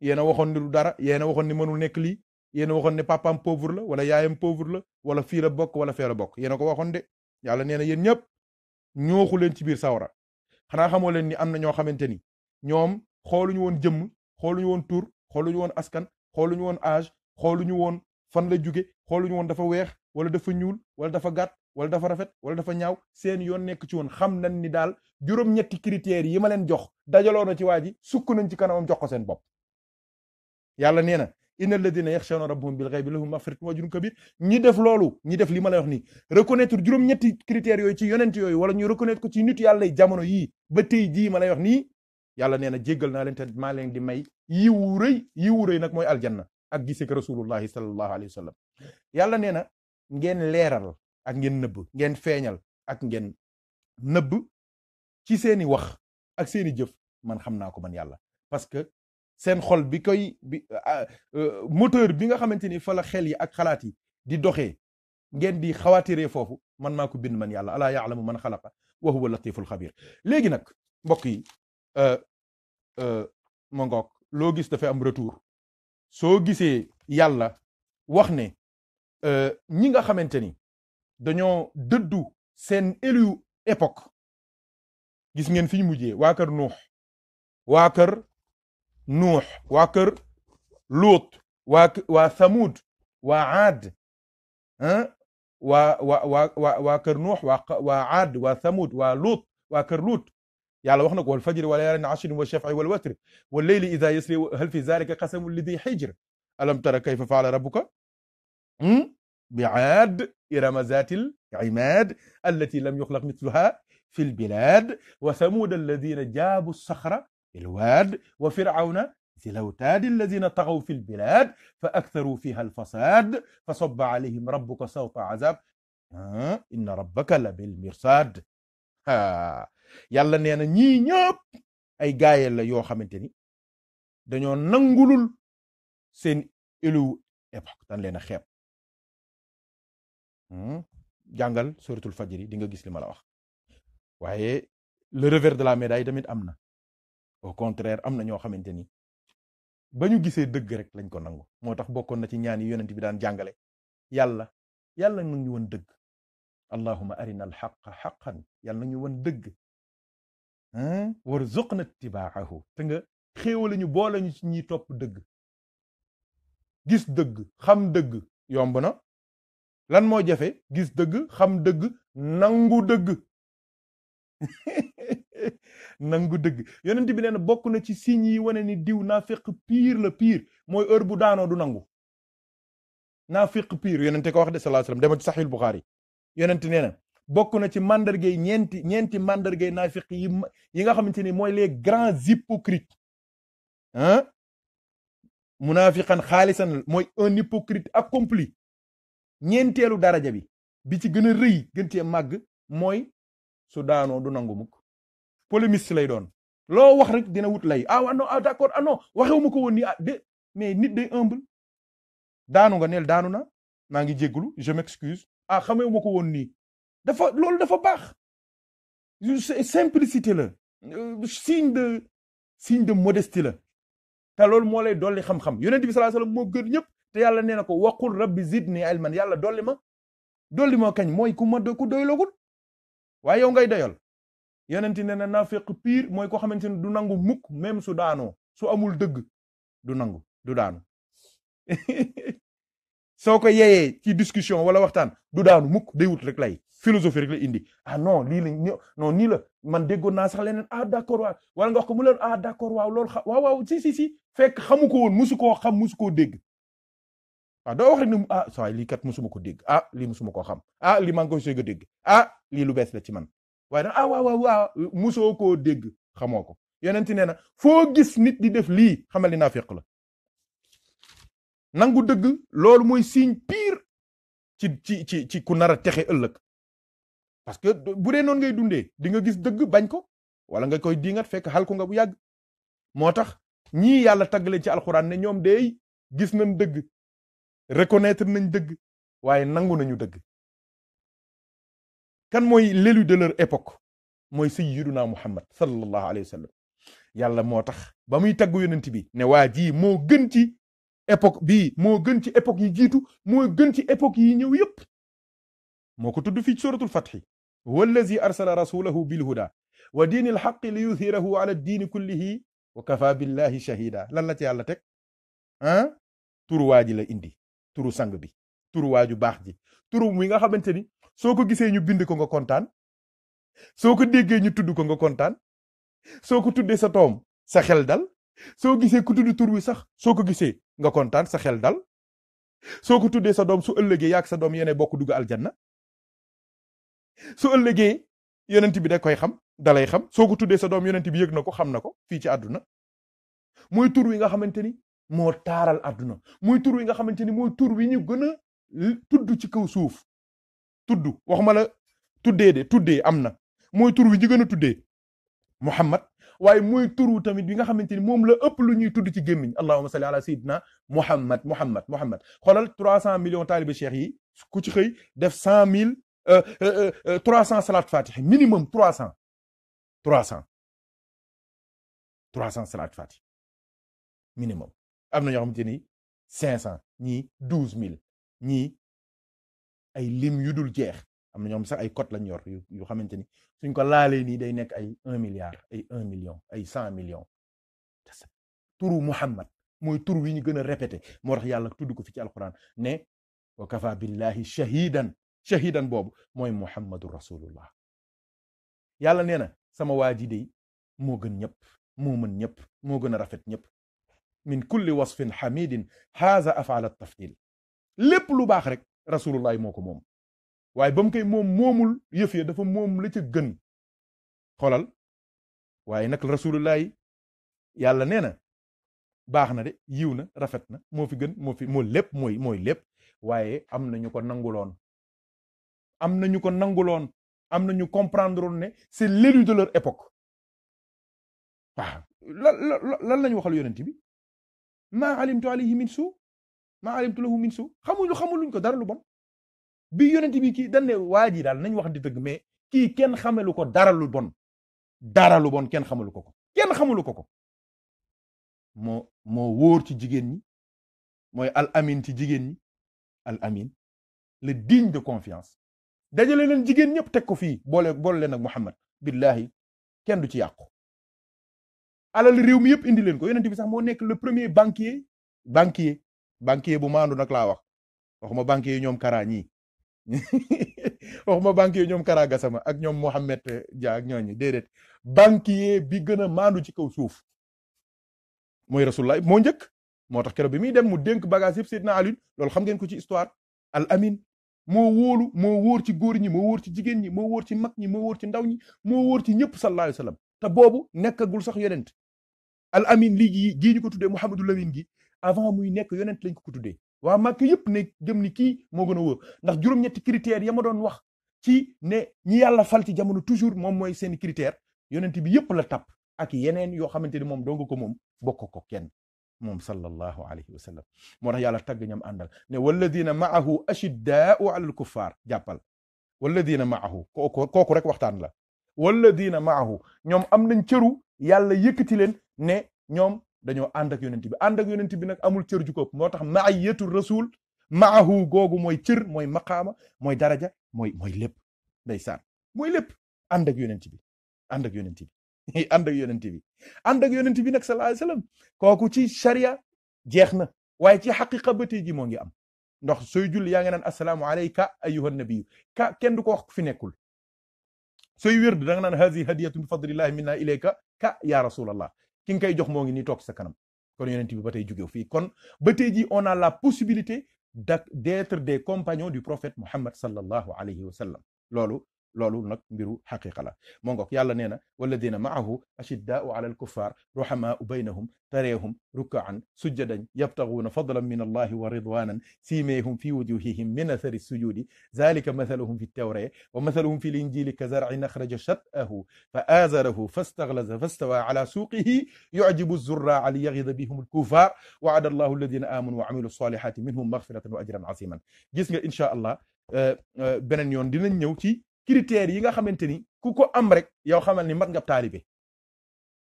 yéen a waxoon ni dara yéen a waxoon ni mënul nekk lii yéen a waxoon ne papaam pauvre la wala yaayam pauvre la wala fiira bokk wala fee la bokk yéen a ko waxoon de yàlla nee na yéen ñëpp ñooxu leen ci biir sawara xanaa xamoo leen ni am na ñoo xamante ni ñoom xooluñu woon jëmm xooluñu woon tur xooluñu woon askan xooluñu woon xoolu ñu woon fan la jóge xooluñu woon dafa weex wala dafa ñuul wala dafa gàtt wala dafa rafet wala dafa ñaaw seen yoon nekk ci woon xam nañ ni daal juróom-ñetti critères yi ma leen jox dajaloo na ci ji sukk nañ ci kanamam jox ko seen bopp yàlla nee na inna alladina yaxshawna rabbahum bil ghaybi lahum maghfiratun wa ajrun kabir ñi def loolu ñi def li ma lay wax nii reconnaître juróom-ñetti yooyu ci yonent yooyu wala ñu reconnaître ko ci nit yàlla jamono yii ba tey jii ma la wax nii yàlla nee na jéggal naa leen te maa leen di may yiwu rëy yiwu rëy nag mooy aljanna ak gisek rasulullahi sallallahu alayhi wa sallam yàlla nee na ngeen leeral ak ngeen nëbb ngeen feeñal ak ngeen nëbb ci seeni wax ak seeni jëf man xam naa ko man yàlla parce que seen xol bi koy bi ah, euh, moteur bi nga xamante ni fa la xel yi ak xalaat yi di doxe ngeen di xawaatiree foofu man maa ko bind man yàlla alaa yaalamu man xalaqa wa huwa latiful xabir léegi nag mbokk yi euh, Euh, ma loo gis dafa am retour soo gisee yàlla wax ne euh, ñi nga xamante ni dañoo dëddu seen élu époque gis ngeen fiñ mujjee waa kër nuux waa kër nuux waa kër luut waa waa waa aad waa waa waa waa kër nuux waa waa aad waa thamud waa luut waa kër luut yàlla wax na ko wal fajri wa layaalin ashrin wa shaf'i wal watri wal layli idha yasri hal fi zalika qasamun li dhi hijr alam tara kayfa fa'ala rabbuka bi 'aad irama zatil 'imaad allati lam yukhlaq mithluha fi lbilad wa thamuda alladina jaabu saxra bilwaad wa fir'awna zil awtaad alladina taxaw fi lbilad fa aktharu fiha alfasad fa sabba alayhim rabbuka sawta azab inna rabbaka labil mirsad yàlla nee na ñii ñëpp ay gaayeel la yoo xamante ni dañoo nangulul seen éliwu époque tan leen a xeeb hmm? jàngal suratul fajri di nga gis li mala wax waaye le revers de la médaille tamit am na au contraire am na ñoo xamante ni ba ñu gisee dëgg rek lañ ko nangu moo tax bokkoon na ci ñaan yi yonent bi daan jàngale yàlla yàlla na ñu woon dëgg allahuma arina alxaqa xaqan yàlla na ñu woon dëgg warzuqna ittibaahu te nga xéewale ñu boole ñu ci ñiy topp dëgg gis dëgg xam dëgg yomb na lan moo jafe gis dëgg xam dëgg nangu dëgg nangu dëgg yonent bi nee bokk na ci signe yi wane ni diw naa fekk piir la piir mooy heure bu daanoo du nangu naa fekk piir yonente ko wax de sallallahu alayhi wasallam dema ci saxil Buxaari yonente nee na bokk na ci mandargay ñeenti ñeenti mandargay naafiq yi nga xamante ni mooy les grands hypocrites ah munafiqan xaalisan mooy un hypocrite accompli ñeenteelu daraja bi bi ci gën a rëy gën cee màgg mooy su daanoo du nangu mukk polémiste lay doon loo wax rek dina wut lay ah ano ah d'accord ah non waxewu ko woon nii ah mais nit day humble daanu nga neel daanu na maa ngi jégglu je m'excuse ah xamewu ma ko woon nii dafa loolu dafa baax simplicité la euh, signe de signe de modestie la te loolu moo lay dolli xam-xam yonent bi sallallahu alayhi moo gën ñëpp te yàlla nee na ko waqul rabbi zidni ilman yàlla dolli ma dolli ma kañ mooy ku ma ku doylogul waaye yow ngay doyal yonent nee na naafeq pire mooy koo xamante ne du nangu mukk même su daanoo su amul dëgg du nangu du daanu soo ko yeyee ci discussion wala waxtaan du daanu mukk day wut lay philosophie rek la indi ah lii la non nii la man déggoon naa sax leneen ah d'accord waaw wala nga wax ko mu leen ah d'accord waaw loolu xa waaw waaw si si fekk xamu ko woon musu koo xam musu koo dégg waaw ah, doo wax ah, ko dégg ah lii musuma koo xam ah lii maa ngi koy soog a dégg ah, lii lu bees la ci man wa nag ah waaw waaw waaw musoo koo dégg xamoo ko yonent nee na foo gis nit di def lii xamal ni naafiq la nangu dëgg loolu mooy signe pire ci ci ci ku nar a texe ëllëg parce que bu dee noonu ngay dundee di nga gis dëgg bañ ko wala nga koy diingat fekk xal ko nga bu yàgg moo tax ñii yàlla tagg leen ci alxuraan ne ñoom deey gis nañ dëgg reconnaître nañ dëgg waaye nangu nañu dëgg kan mooy l'élu de leur époque mooy sayyiduna muhammad sallallahu alayhi wa sallam yàlla moo tax ba muy tagg yonent bi ne waa jii moo gën ci époque bii moo gën ci époque yi jiitu moo gën ci époque yi ñëw yépp moo ko tudd fii suratul fathi huwa allazi arsala rasulahu bilhuda wa diini alxaqi li yuthirahu ala diini kullihi wa kafa billahi shahida lan la ci yàlla teg ah turu waa ji la indi turu sang bi turu waaju baax ji turu wi nga xamante ni soo ko gisee ñu bind ko nga kontaan soo ko déggee ñu tudd ko nga kontaan soo ko tuddee sa toom sa xel dal soo gisee ku tudd tur wi sax soo ko gisee nga kontaan sa xel dal soo ko tuddee sa doom su ëllëgee yaak sa doom yene bokku dugg aljanna su ëllëgee yonent bi da koy xam dalay xam soo ko tuddee sa doom yonent bi yëg na ko xam na ko fii ci àdduna mooy tur wi nga xamante ni moo taaral àdduna mooy tur wi nga xamante ni mooy tur wi ñu gën a tudd ci kaw suuf tudd waxuma la tuddee de tuddee am na mooy tur wi ñu a tuddee Muhammad waaye mooy turu tamit bi nga xamante ni moom la ëpp lu ñuy tudd ci gémmiñ allahuma salli ala sayidina Muhammad Muhammad Muhammad xoolal 300 millions taalibe cheikh yi ku ci xëy def 100 000 Euh, euh, euh, trois cent salaat fatiha minimum trois cent trois cent trois cent salaat fatiha minimum am na ñoo xamante ni cinq cent ñii douze mille ñii ay lim yu dul jeex am na ñoom sax ay cote lañ yor yu xamante ni suñ ko laalee nii day nekk ay un milliard ay un million ay cent million turu Muhammad mooy tur wi ñu gën a répété moo tax yàlla tudd ko fi ci alquran ne wa kafa billahi shahidan shahidan boobu mooy muhammadu rasulullah yàlla nee na sama waa ji dey moo gën ñëpp moo mën ñëpp moo gën a rafet ñëpp min kulli wasfin xamidin haaza afaala tafdil lépp lu baax rek rasulullah moo ko moom waaye ba mu koy moom moomul yëf dafa moom la ca gën xoolal waaye nag rasulullah yàlla nee na baax na de yiw na rafet na moo fi gën moo fi moo lépp mooy mooy lépp waaye am na ñu ko nanguloon am na ñu ko nanguloon am na ñu comprendre woon ne c'est l'élu de leur époque waaw lan lan la ñu waxal yonent bi maa alimtu alayhi min su maa alimtu lahu min su xamuñu xamuluñ ko daralu lu bon bi yonent bi kii dan ne waa ji daal nañ wax di dëgg mais kii kenn xamelu ko daralu lu bon dara bon kenn xamalu ko ko kenn xamalu ko ko moo moo wóor ci jigéen ñi mooy al amin ci jigéen ñi al amin le digne de confiance dajale leen jigéen ñëpp teg ko fii boole boole leen ak Muhammad billahi kenn du ci yàqu alal réew mi yëpp indi leen ko yonent bi sax moo nekk le premier banquier banquier banquier bu maandu nag laa wax waxuma banquier ñoom Kara ñii waxuma banquier ñoom Kara Gassama ak ñoom Mohamed eh, Dia ak ñooñu déedéet banquier bi gën a maandu ci kaw suuf mooy Rasulullah moo njëkk moo tax keroog bi muy dem mu dénk bagage yëpp na Alioune loolu xam ngeen ko ci histoire al moo wóolu moo wóor ci góor ñi moo wóor ci jigéen ñi moo wóor ci mag ñi moo wóor ci ndaw ñi moo wóor ci ñëpp sallallahu alayhi wa sallam te boobu nekkagul sax yonent al amin lii gii ñu ko tuddee Mouhamadou Lamine gi avant muy nekk yonent lañ ko ko tuddee waa Màkka yëpp ne gëm ni kii moo gën a wóor ndax juróom-ñetti critères ya ma doon wax ci ne ñi yàlla fal ci jamono toujours moom mooy seen critère yonent bi yëpp la tàpp ak yeneen yoo xamante ni moom dong ko moom bokk ko kenn moom sallallahu alayhi wa moo tax yàlla tagg ñam àndal ne walladina maahu ashiddaau ala alkuffaar jàppal walladina maahu kooku kooku rek waxtaan la walladina maahu ñoom am nañ cëru yàlla yëkkati leen ne ñoom dañoo ànd ak yonent bi ànd ak yonent bi nag amul cër ju ko moo tax maayatu rasul maahu googu mooy cër mooy maqaama mooy daraja mooy mooy lépp ndeysaan mooy lépp ànd ak yonent bi ànd bi ànd ak yonent bi ànd ak yonent bi nag sallallahu alayhi wasallam kooku ci sharia jeex na waaye ci xaqiqa ba tey ji moo ngi am ndox sooy julli yaa ngi naan assalaamu alayka ayyuhan nabiyyu ka kenn du ko wax fi nekkul sooy wérd da nga naan hazi hadiyatun bi fadlillahi minna ilayka ka ya rasulallah ki nga koy jox moo ngi nii toog sa kanam kon yonent bi ba tey jógew fii kon ba tey ji on a la possibilité d'être des compagnons du prophète Muhammad sallallahu alayhi wa sallam loolu loolu nag mbiru xaqiqa la moo ngoog yàlla nee na walladina maahu ashiddaau ala alkuffar ruhamaau baynahum tareehum rukaan sujjadan yabtaguuna fadlan min allahi wa ridwanan siimeehum fi wujuhihim min athari sujudi zalika mathaluhum fi ltawre wa mathaluhum fi linjili kazarcin axraja shat'ahu fa aazarahu fastaglaza fastawa ala suuqihi yucjibu zurraa liyagida bihum alkuffar waada allahu alladina aamanu wa camilu salihati minhum magfiratan wa ajran aziman gis nga incha allah eh, eh, beneen yoon dinañ ñëw ci critères yi nga xamante ni ku ko am rek yow xamal ni mat nga taalibe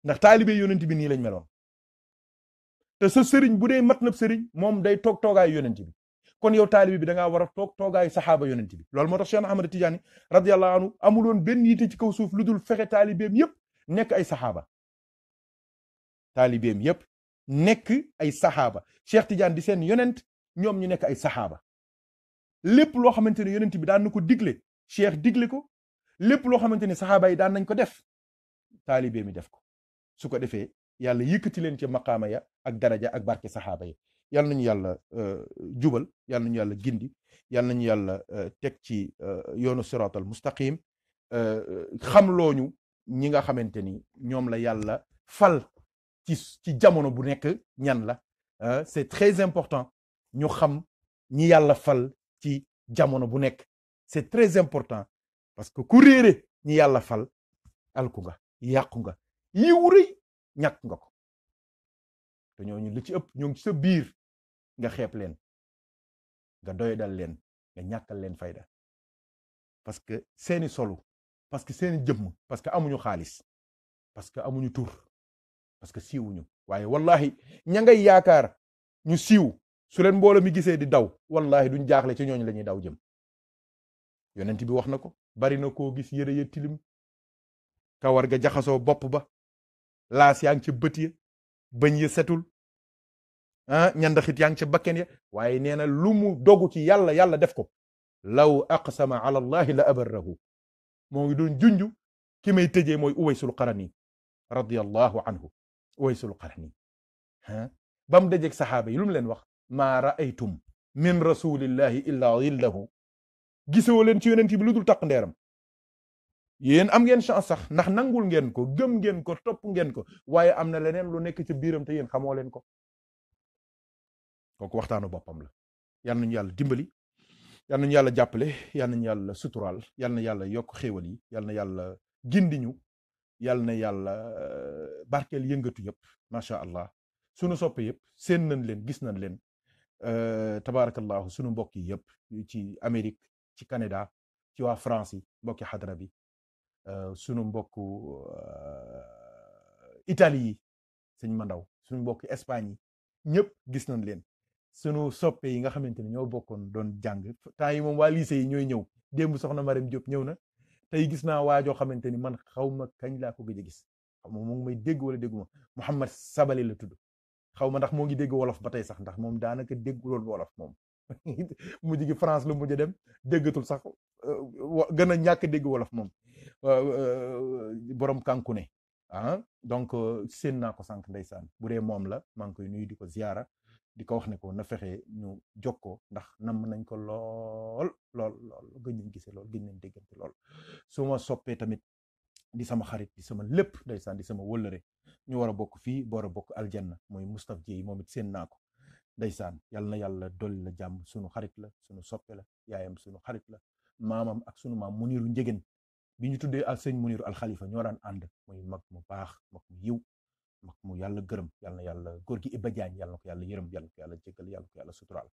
ndax taalibe yonent bi nii lañ meloon te sa sëriñ bu dee mat na sëriñ moom day toog toogaayu yonent bi kon yow taalibe bi da ngaa war a toog toogaayu saxaaba yonent bi loolu moo tax Cheikh Ahmad Tidiane radiyallahu anhu amuloon benn yitte ci kaw suuf lu dul fexe taalibeem yépp nekk ay saxaaba taalibeem yépp nekk ay saxaaba Cheikh Tidiane di seen yonent ñoom ñu nekk ay saxaaba lépp loo xamante ne yonent bi daan ko digle cheikh digle ko lépp loo xamante ni saxaaba yi daan nañ ko def taalibe mi def ko su ko defee yàlla yëkkati leen ci maqaama ya ak daraja ak barke saxaaba yi yàlla nañu yàlla euh, jubal yàlla nañu yàlla gindi yàlla nañu yàlla euh, teg ci euh, yoonu siraatal mustaqim xam looñu ñi nga xamante ni ñoom la yàlla fal ci ci jamono bu nekk ñan la c'est très important ñu xam ñi yàlla fal ci jamono bu nekk c'est très important parce que ku réere ñi yàlla fal alku nga yàqu nga yiw rëy nga ko te ñooñu lu ci ëpp ñoo ngi sa biir nga xeeb leen nga doyadal leen nga ñàkkal leen fayda parce que seeni solu parce que seeni jëm parce que amuñu xaalis parce que amuñu tuur parce que siiwuñu waaye wallahi ña ngay yaakaar ñu siiw su leen mboole mi gisee di daw wallahi duñ jaaxle ci ñooñu la daw jëm yonent bi wax na ko bari na koo gis yëre ya tilim kawar ga jaxasoo bopp ba laas yaa ngi ca bët ya bëñ ya setul ah ñandaxit yaa ngi ca waaye nee na lu mu dogu ci yàlla yàlla def ko law aqsama ala allahi la abarrahu moo ngi doon junju ki may tëjee mooy uwaysul qarani radiyallahu anhu uwaysul qarani ah ba mu saxaaba yi lu leen wax maa ra'aytum min rasulillahi illa zillahu gisewoo leen ci weneen bi lu dul takk ndeeram yéen am ngeen chance sax ndax nangul ngeen ko gëm ngeen ko topp ngeen ko waaye am na leneen lu nekk ci biiram te yéen xamoo leen ko kooku waxtaanu boppam la yal nañu yàlla dimbali yal nañu yàlla jàppale yal nañu yàlla suturaal yal na yàlla yokk xéewal yi yal na yàlla gindiñu yal na yàlla euh, barkeel yëngatu yëpp macha allah sunu soppee yëpp seen nañ leen gis nañ leen euh, tabaarakallahu sunu mbokk yi yëpp ci Amérique ci Canada ci waa France yi mbokki xadra bi euh, sunu mbokku euh, itali yi sëñ Mandaw sunu mbokki Espagne yi ñëpp gis nañ leen sunu soppe yi nga xamante ne ñoo bokkoon doon jàng temps yi moom wa lycée yi ñooy ñëw démb soxna Marème Diop ñëw na tey gis naa waa joo xamante ni man xaw kañ laa ko gëj a gis xaw ma mu ngi may dégg wala dégguma Mouhamed Sabali la tudd xaw ma ndax moo ngi dégg wolof ba tey sax ndax moom daanaka dégguloon wolof moom mujj gi France lu mujj dem déggatul sax euh, gën a ñàkk dégg wolof moom euh, borom kankune ah donc euh, séen naa ko sànq ndeysaan bu dee moom la maa ngi koy nuyu di ko ziyaara di ko wax ne ko na fexe ñu jokkoo ndax nam nañ ko lool lool lool gën gisee lool gën nañ déggante lool su ma soppee tamit di sama xarit di sama lépp ndeysaan di sama wëllëre ñu war a bokk fii boor a bokk aljanna mooy Moustapha Dieye moom it séen naa ko ndeysaan yal na yàlla dolli la jàmm sunu xarit la sunu soppe la yaayam sunu xarit la maamam ak sunu maam muniru njegen bi ñu tuddee ak sëñ muniru al xalifa ñoo daan ànd muy mag mu baax mag mu yiw wax mu yàlla gërëm yàlla na yàlla góor gi Iba Diagne yàlla na ko yàlla yërëm yàlla na ko yàlla jéggal yàlla na ko yàlla suturaal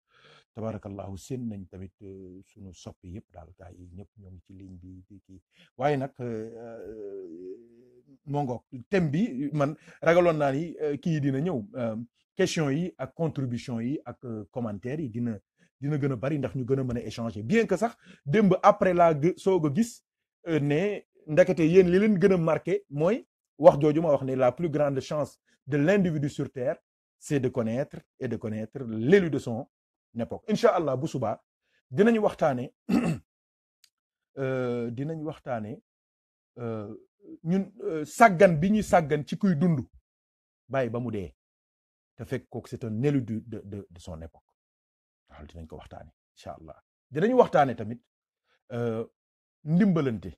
tabarakallahu seen nañ tamit euh, sunu soppi yëpp daal gaa yi ñëpp ñoo ngi ci ligne bi di kii waaye nag euh, euh, moo ngoog thème bi man ragaloon naa ni kii dina ñëw question yi ak contribution yi ak commentaire yi dina dina gën a bari ndax ñu gën a mën a échanger bien que sax démb après laa soog a gis ne ndekete yéen li leen gën a marqué mooy wax jooju ma wax ne la plus grande chance de l'individu sur terre c'est de connaître et de connaître l'élu de son époque incha allah bu subaa dinañ waxtaane euh, dinañ waxtaane euh, ñun euh, saggan bi ñuy saggan ci kuy dund bàyyi ba mu dee te fekk kooku c'est un élu de de son époque waaw dinañ ko waxtaane incha allah dinañ waxtaane tamit ndimbalante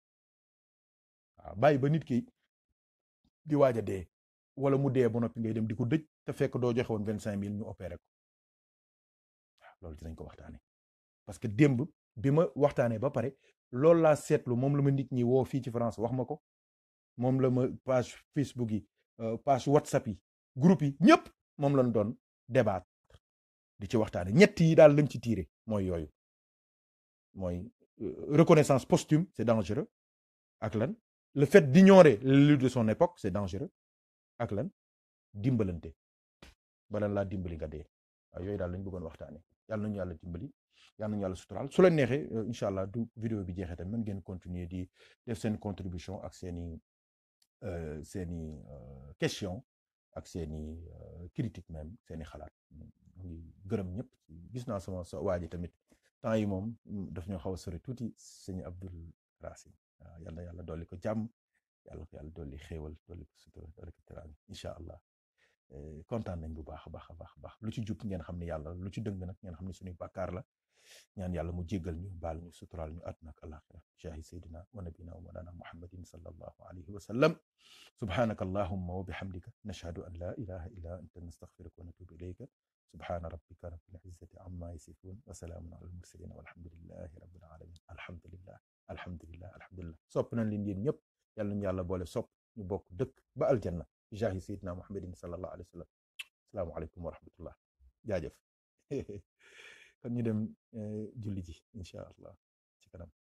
waaw bàyyi ba nit ki di waaj a dee wala mu dee ba noppi ngay dem di ko dëj te fekk doo joxe woon vingt cinq mille ñu opéré ko waaw loolu dinañ ko waxtaanee parce que démb bi ma waxtaanee ba pare loolu laa seetlu moom la ma nit ñi woo fii ci France wax ma ko moom la ma page Facebook yi euh, page WhatsApp yi groupe yi ñëpp moom lañ doon débat di ci waxtaane ñett yi daal lañ ci tiire mooy yooyu mooy euh, reconnaissance posthume c'est dangereux ak lan le fait d'ignorer l'élite de son époque c'est dangereux ak lan dimbalante bala laa dimbali nga dee yooyu daal lañ bëggoon waxtaane yàlla nañu yàlla dimbali yàlla nañu yàlla suturaal su la neexee euh, incha allah du vidéo bi jeexee tamit mën ngeen continuer di def seen contribution ak seeni euh, seen i euh, question ak seen i critique même seen i xalaat gërëm ñëpp gis naa sama waa ji tamit temps yi moom daf ñoo xaw a tuuti sëñ Abdoul Racine waaw ah, yal na yàlla dolli ko jàmm yàlla ko yàlla dolli xéewal dolli ko sutura dolli ko teraanga incha allah eh, kontaan nañ bu baax a baax a baax baax lu ci jub ngeen xam ne yàlla lu ci dëng nag ngeen xam ne suñuy bàkkaar la ñaan yàlla mu jéggal ñu baal ñu suturaal ñu àdduna ak alaxira jaahi sayyidina wa nabina wa mawlana muhammadin sallallahu alayhi wa sallam subhanaka allahumma wa bihamdika nashhadu an la ilaha illa anta nastaghfiruka wa natubu ilayka subhana rabbika rabbil izzati amma yasifun wa salaamun ala al mursalin walhamdulillahi rabbil alamin alhamdulillah alhamdulilah alhamdulilah sopp nañ leen yéen ñëpp yal nañu yàlla boole sopp ñu bokk dëkk ba aljanna jaahi sayidina muhammadin sallallahu alayhi wa sallam asalaamaaleykum wa rahmatullah jaajëf kon ñu dem eh, julli ji incha allah ci kanam